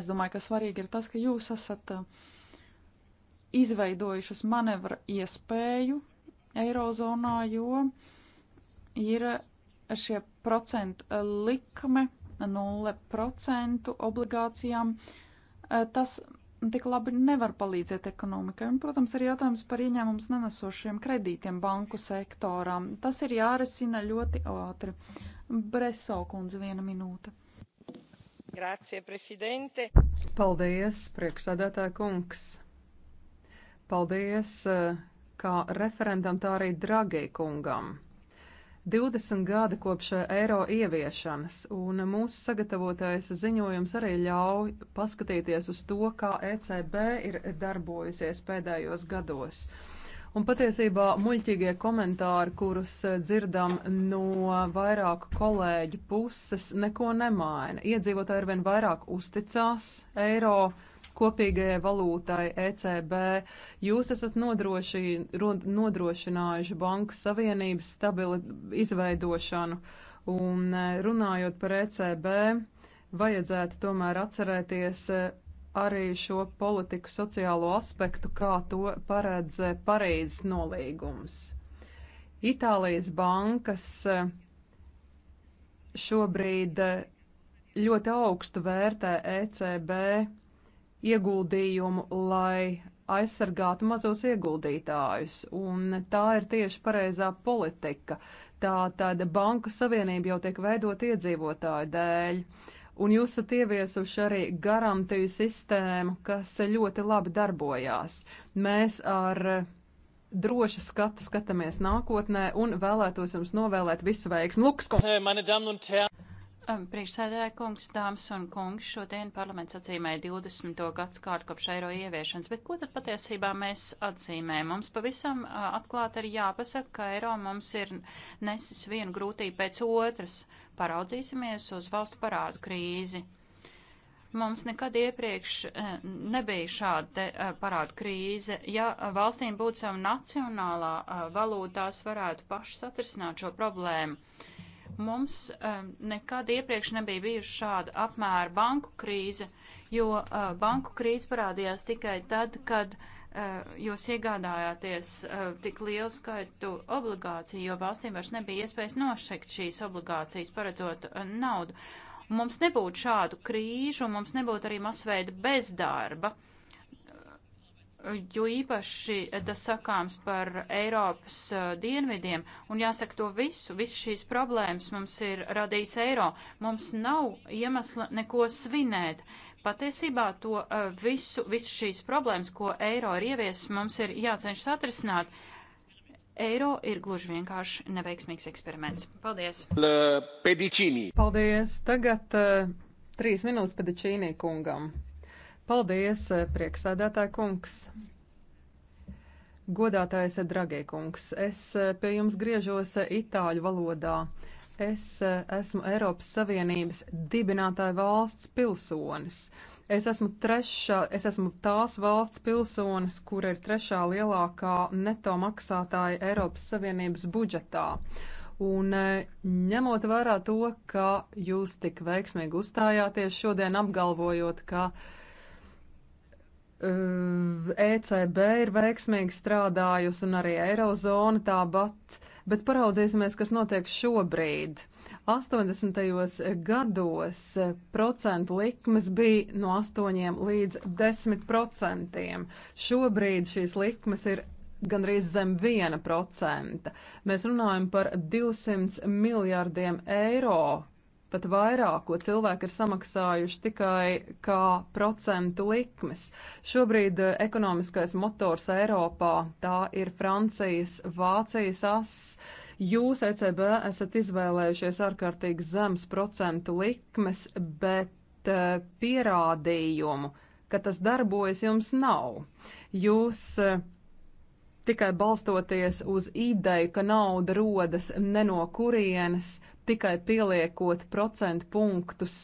S2: Es domāju, ka svarīgi ir tas, ka jūs esat uh, izveidojušas manevra iespēju Eirozonā, jo ir šie uh, procentu likme 0% obligācijām. Uh, tas tik labi nevar palīdzēt ekonomikai. Un, protams, ir jautājums par ieņēmums nenesošiem kredītiem banku sektoram. Tas ir jārisina ļoti ātri.
S3: Breso kundze, viena minūte. Grācie, prezidente. Paldies, priekšsādātā kungs. Paldies eh, kā referentam, tā arī Dragī kungam. 20 gadi kopš eh, eiro ieviešanas, un mūsu sagatavotais ziņojums arī ļauj paskatīties uz to, kā ECB ir darbojusies pēdējos gados. Un patiesībā muļķīgie komentāri, kurus eh, dzirdam no vairāku kolēģu puses, neko nemaina. Iedzīvotāji arvien vairāk uzticās eiro kopīgajai valūtai ECB. Jūs esat nodroši, nodrošinājuši Banku Savienības stabilu izveidošanu. Un e, runājot par ECB, vajadzētu tomēr atcerēties e, arī šo politiku sociālo aspektu, kā to paredz e, Parīzes nolīgums. Itālijas bankas šobrīd ļoti augstu vērtē ECB ieguldījumu, lai aizsargātu mazos ieguldītājus. Un tā ir tieši pareizā politika. Tā tāda banku savienība jau tiek veidot iedzīvotāju dēļ. Un jūs esat ieviesuši arī garantiju sistēmu, kas ļoti labi darbojās. Mēs ar drošu skatu skatāmies nākotnē un vēlētos jums novēlēt visu veiksmu. Lukas,
S1: kungs! Priekšsēdētāja kungs, dāmas un kungi, šodien parlaments atzīmēja 20. gadskārtu kopš eiro ieviešanas, bet ko tad patiesībā mēs atzīmējam? Mums pavisam atklāti ir jāpasaka, ka eiro mums ir nesis vienu grūtību pēc otras. Paraudzīsimies uz valstu parādu krīzi. Mums nekad iepriekš e, nebija šāda e, parādu krīze. Ja valstīm būtu sava nacionālā valūtās, varētu pašas atrisināt šo problēmu Mums um, nekad iepriekš nebija bijuši šāda apmēra banku krīze, jo uh, banku krīze parādījās tikai tad, kad uh, jūs iegādājāties uh, tik lielu skaitu obligāciju, jo valstīm vairs nebija iespējas nošekt šīs obligācijas, paredzot uh, naudu. Mums nebūtu šādu krīžu, mums nebūtu arī masveida bezdarba. Uh, jo īpaši eh, tas sakāms par Eiropas uh, dienvidiem, un jāsaka to visu, visu šīs problēmas mums ir radījis eiro, mums nav iemesla neko svinēt. Patiesībā to uh, visu, visu šīs problēmas, ko eiro ir ieviesis, mums ir jācenšas atrisināt. Eiro ir gluži vienkārši neveiksmīgs eksperiments. Paldies! Pedicīnī. Paldies! Tagad uh, trīs minūtes Pedicīnī kungam.
S3: Paldies, eh, prieksēdētāja kungs! Godātais eh, Dragie kungs, es eh, pie jums griežos itāļu valodā. Es esmu Eiropas Savienības dibinātāja valsts pilsonis. Es esmu, trešā, es esmu tās valsts pilsonis, kura ir trešā lielākā neto maksātāja Eiropas Savienības budžetā. Un ņemot vērā to, ka jūs tik veiksmīgi uzstājāties šodien apgalvojot, ka uh, ECB ehm, e ir veiksmīgi strādājusi un arī Eirozona tāpat, bet paraudzīsimies, kas notiek šobrīd. 80. gados procentu likmes bija no 8 līdz 10 procentiem. Šobrīd šīs likmes ir gandrīz zem 1 procenta. Mēs runājam par 200 miljārdiem eiro pat vairāk, ko cilvēki ir samaksājuši tikai kā procentu likmes. Šobrīd eh, ekonomiskais motors Eiropā tā ir Francijas, Vācijas ass. Jūs, ECB, esat izvēlējušies ārkārtīgi zemes procentu likmes, bet uh, pierādījumu, ka tas darbojas, jums nav. Jūs uh, tikai balstoties uz ideju, ka nauda rodas ne no kurienes, tikai pieliekot procentu punktus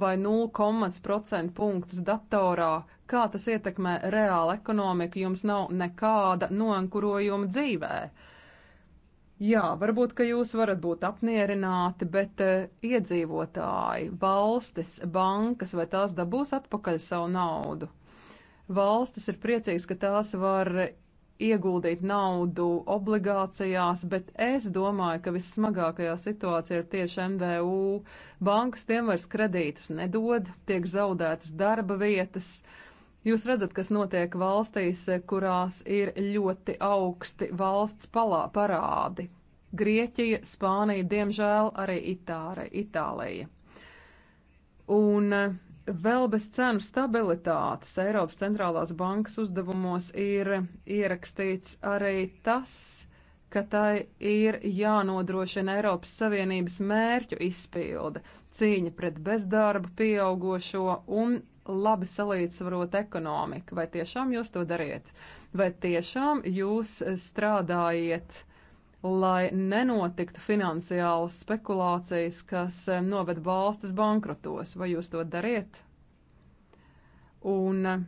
S3: vai 0,1% punktus datorā, kā tas ietekmē reālu ekonomiku, jums nav nekāda noankurojuma dzīvē. Jā, varbūt, ka jūs varat būt apmierināti, bet e, iedzīvotāji, valstis, bankas vai tās dabūs atpakaļ savu naudu. Valstis ir priecīgs, ka tās var ieguldīt naudu obligācijās, bet es domāju, ka vissmagākajā situācijā ir tieši MVU. Bankas tiem vairs kredītus nedod, tiek zaudētas darba vietas. Jūs redzat, kas notiek valstīs, kurās ir ļoti augsti valsts palā parādi. Grieķija, Spānija, diemžēl arī Itāre, Itālija. Un Vēl bez cenu stabilitātes Eiropas centrālās bankas uzdevumos ir ierakstīts arī tas, ka tai ir jānodrošina Eiropas Savienības mērķu izpilde, cīņa pret bezdarbu pieaugošo un labi salīdzvarot ekonomiku. Vai tiešām jūs to dariet? Vai tiešām jūs strādājiet lai nenotiktu finansiālas spekulācijas, kas eh, noved valstis bankrotos. Vai jūs to dariet? Un eh,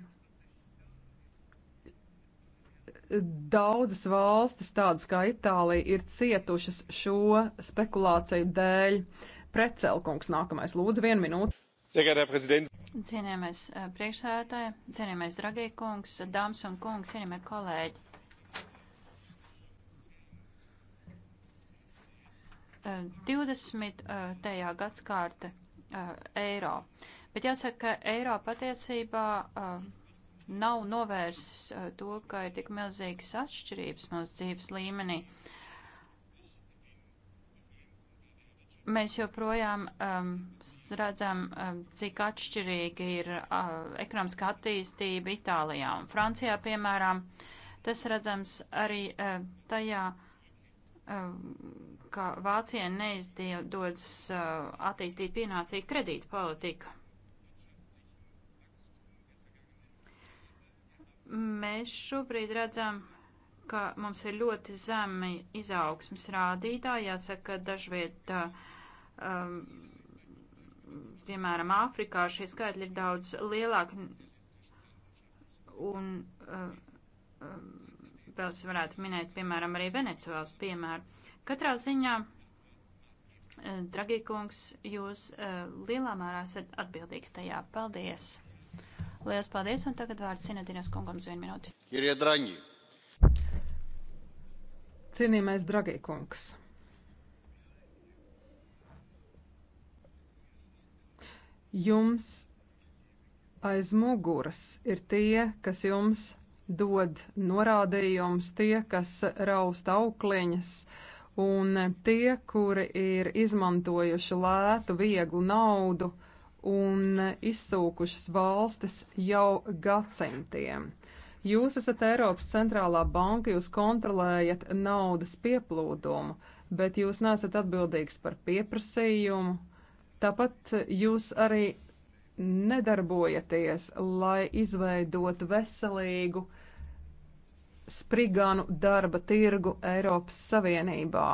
S3: daudzas valstis, tādas kā Itālija, ir cietušas šo spekulāciju dēļ. Precelkungs nākamais, lūdzu, vienu minūti.
S1: Cienījamais eh, priekšsēdētāji, cienījamais dragīkungs, dāmas un kungi, cienījamie kolēģi. 20. tajā gadskārte eiro. Bet jāsaka, ka eiro patiesībā nav novērsis to, ka ir tik milzīgas atšķirības mūsu dzīves līmenī. mēs joprojām um, redzam, um, cik atšķirīgi ir uh, ekonomiskā attīstība Itālijā un Francijā, piemēram. Tas redzams arī uh, tajā, uh, ka Vācijai neizdodas uh, attīstīt pienācīgu kredītu politiku. Mēs šobrīd redzam, ka mums ir ļoti zemi izaugsmas rādītāji. Jāsaka, ka dažviet, uh, um, piemēram, Āfrikā šie skaitļi ir daudz lielāki. Un, uh, um, spēles varētu minēt, piemēram, arī Venecuēlas piemēru. Katrā ziņā, eh, Dragīkungs, jūs eh, lielā mērā esat atbildīgs tajā. Paldies! Lielas paldies, un tagad vārds Sinadinas kungam uz vienu minūti. Ir iedraņi. Cienījamais Dragīkungs.
S3: Jums aiz muguras ir tie, kas jums dod norādījumus tie, kas raust aukliņas, un tie, kuri ir izmantojuši lētu, vieglu naudu un izsūkušas valstis jau gadsimtiem. Jūs esat Eiropas centrālā banka, jūs kontrolējat naudas pieplūdumu, bet jūs nesat atbildīgs par pieprasījumu. Tāpat jūs arī nedarbojaties, lai izveidotu veselīgu, spriganu darba tirgu Eiropas Savienībā.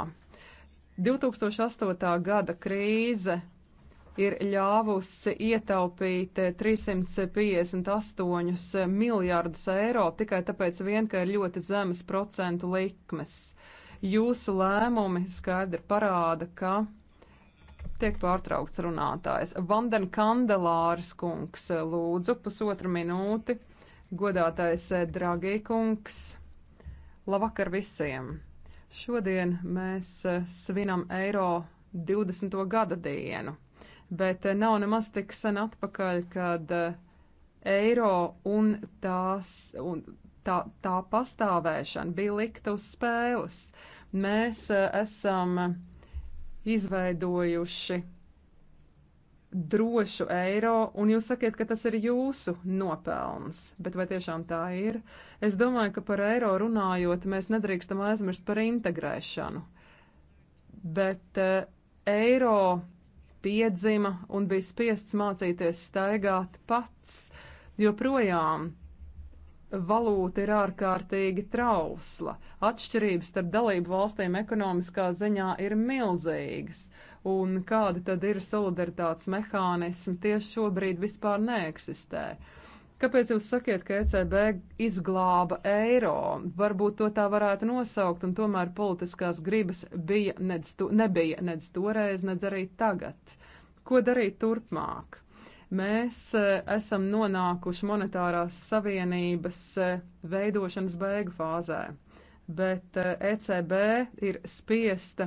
S3: 2008. gada krīze ir ļāvusi ietaupīt 358 miljārdus eiro tikai tāpēc, vien, ka ir ļoti zemas procentu likmes. Jūsu lēmumi skaidri parāda, ka Tiek pārtraukts runātājs. Vanden Kandelārs kungs, lūdzu, pusotra minūti. Godātais eh, Dragī kungs, labvakar visiem! Šodien mēs eh, svinam eiro 20. gada dienu, bet eh, nav nemaz tik sen atpakaļ, kad eiro un tās, un tā, tā pastāvēšana bija likta uz spēles. Mēs esam izveidojuši drošu eiro, un jūs sakiet, ka tas ir jūsu nopelns. Bet vai tiešām tā ir? Es domāju, ka par eiro runājot, mēs nedrīkstam aizmirst par integrēšanu. Bet uh, eiro piedzima un bija spiests mācīties staigāt pats joprojām valūta ir ārkārtīgi trausla. Atšķirības starp dalību valstīm ekonomiskā ziņā ir milzīgas, un kāda tad ir solidaritātes mehānismi tieši šobrīd vispār neeksistē. Kāpēc jūs sakiet, ka ECB izglāba eiro? Varbūt to tā varētu nosaukt, un tomēr politiskās gribas bija nedz tu, nebija nedz toreiz, nedz arī tagad. Ko darīt turpmāk? Mēs e, esam nonākuši monetārās savienības e, veidošanas beigu fāzē, bet ECB e ir spiesta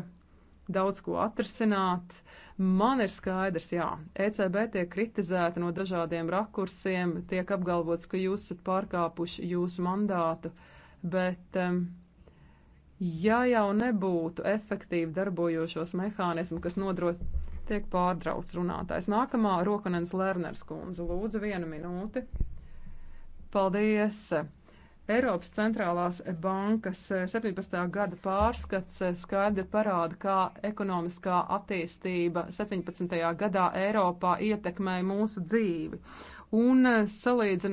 S3: daudz ko atrisināt. Man ir skaidrs, jā, ECB tiek kritizēta no dažādiem rakursiem, tiek apgalvots, ka jūs esat pārkāpuši jūsu mandātu, bet um, ja jau nebūtu efektīvi darbojošos mehānismu, kas nodrošina Tiek pārtraukts runātājs. Nākamā Rokanens Lerners kundze. Lūdzu, vienu minūti. Paldies! Eiropas centrālās bankas 17. gada pārskats skaidri parāda, kā ekonomiskā attīstība 17. gadā Eiropā ietekmēja mūsu dzīvi. Un salīdzinot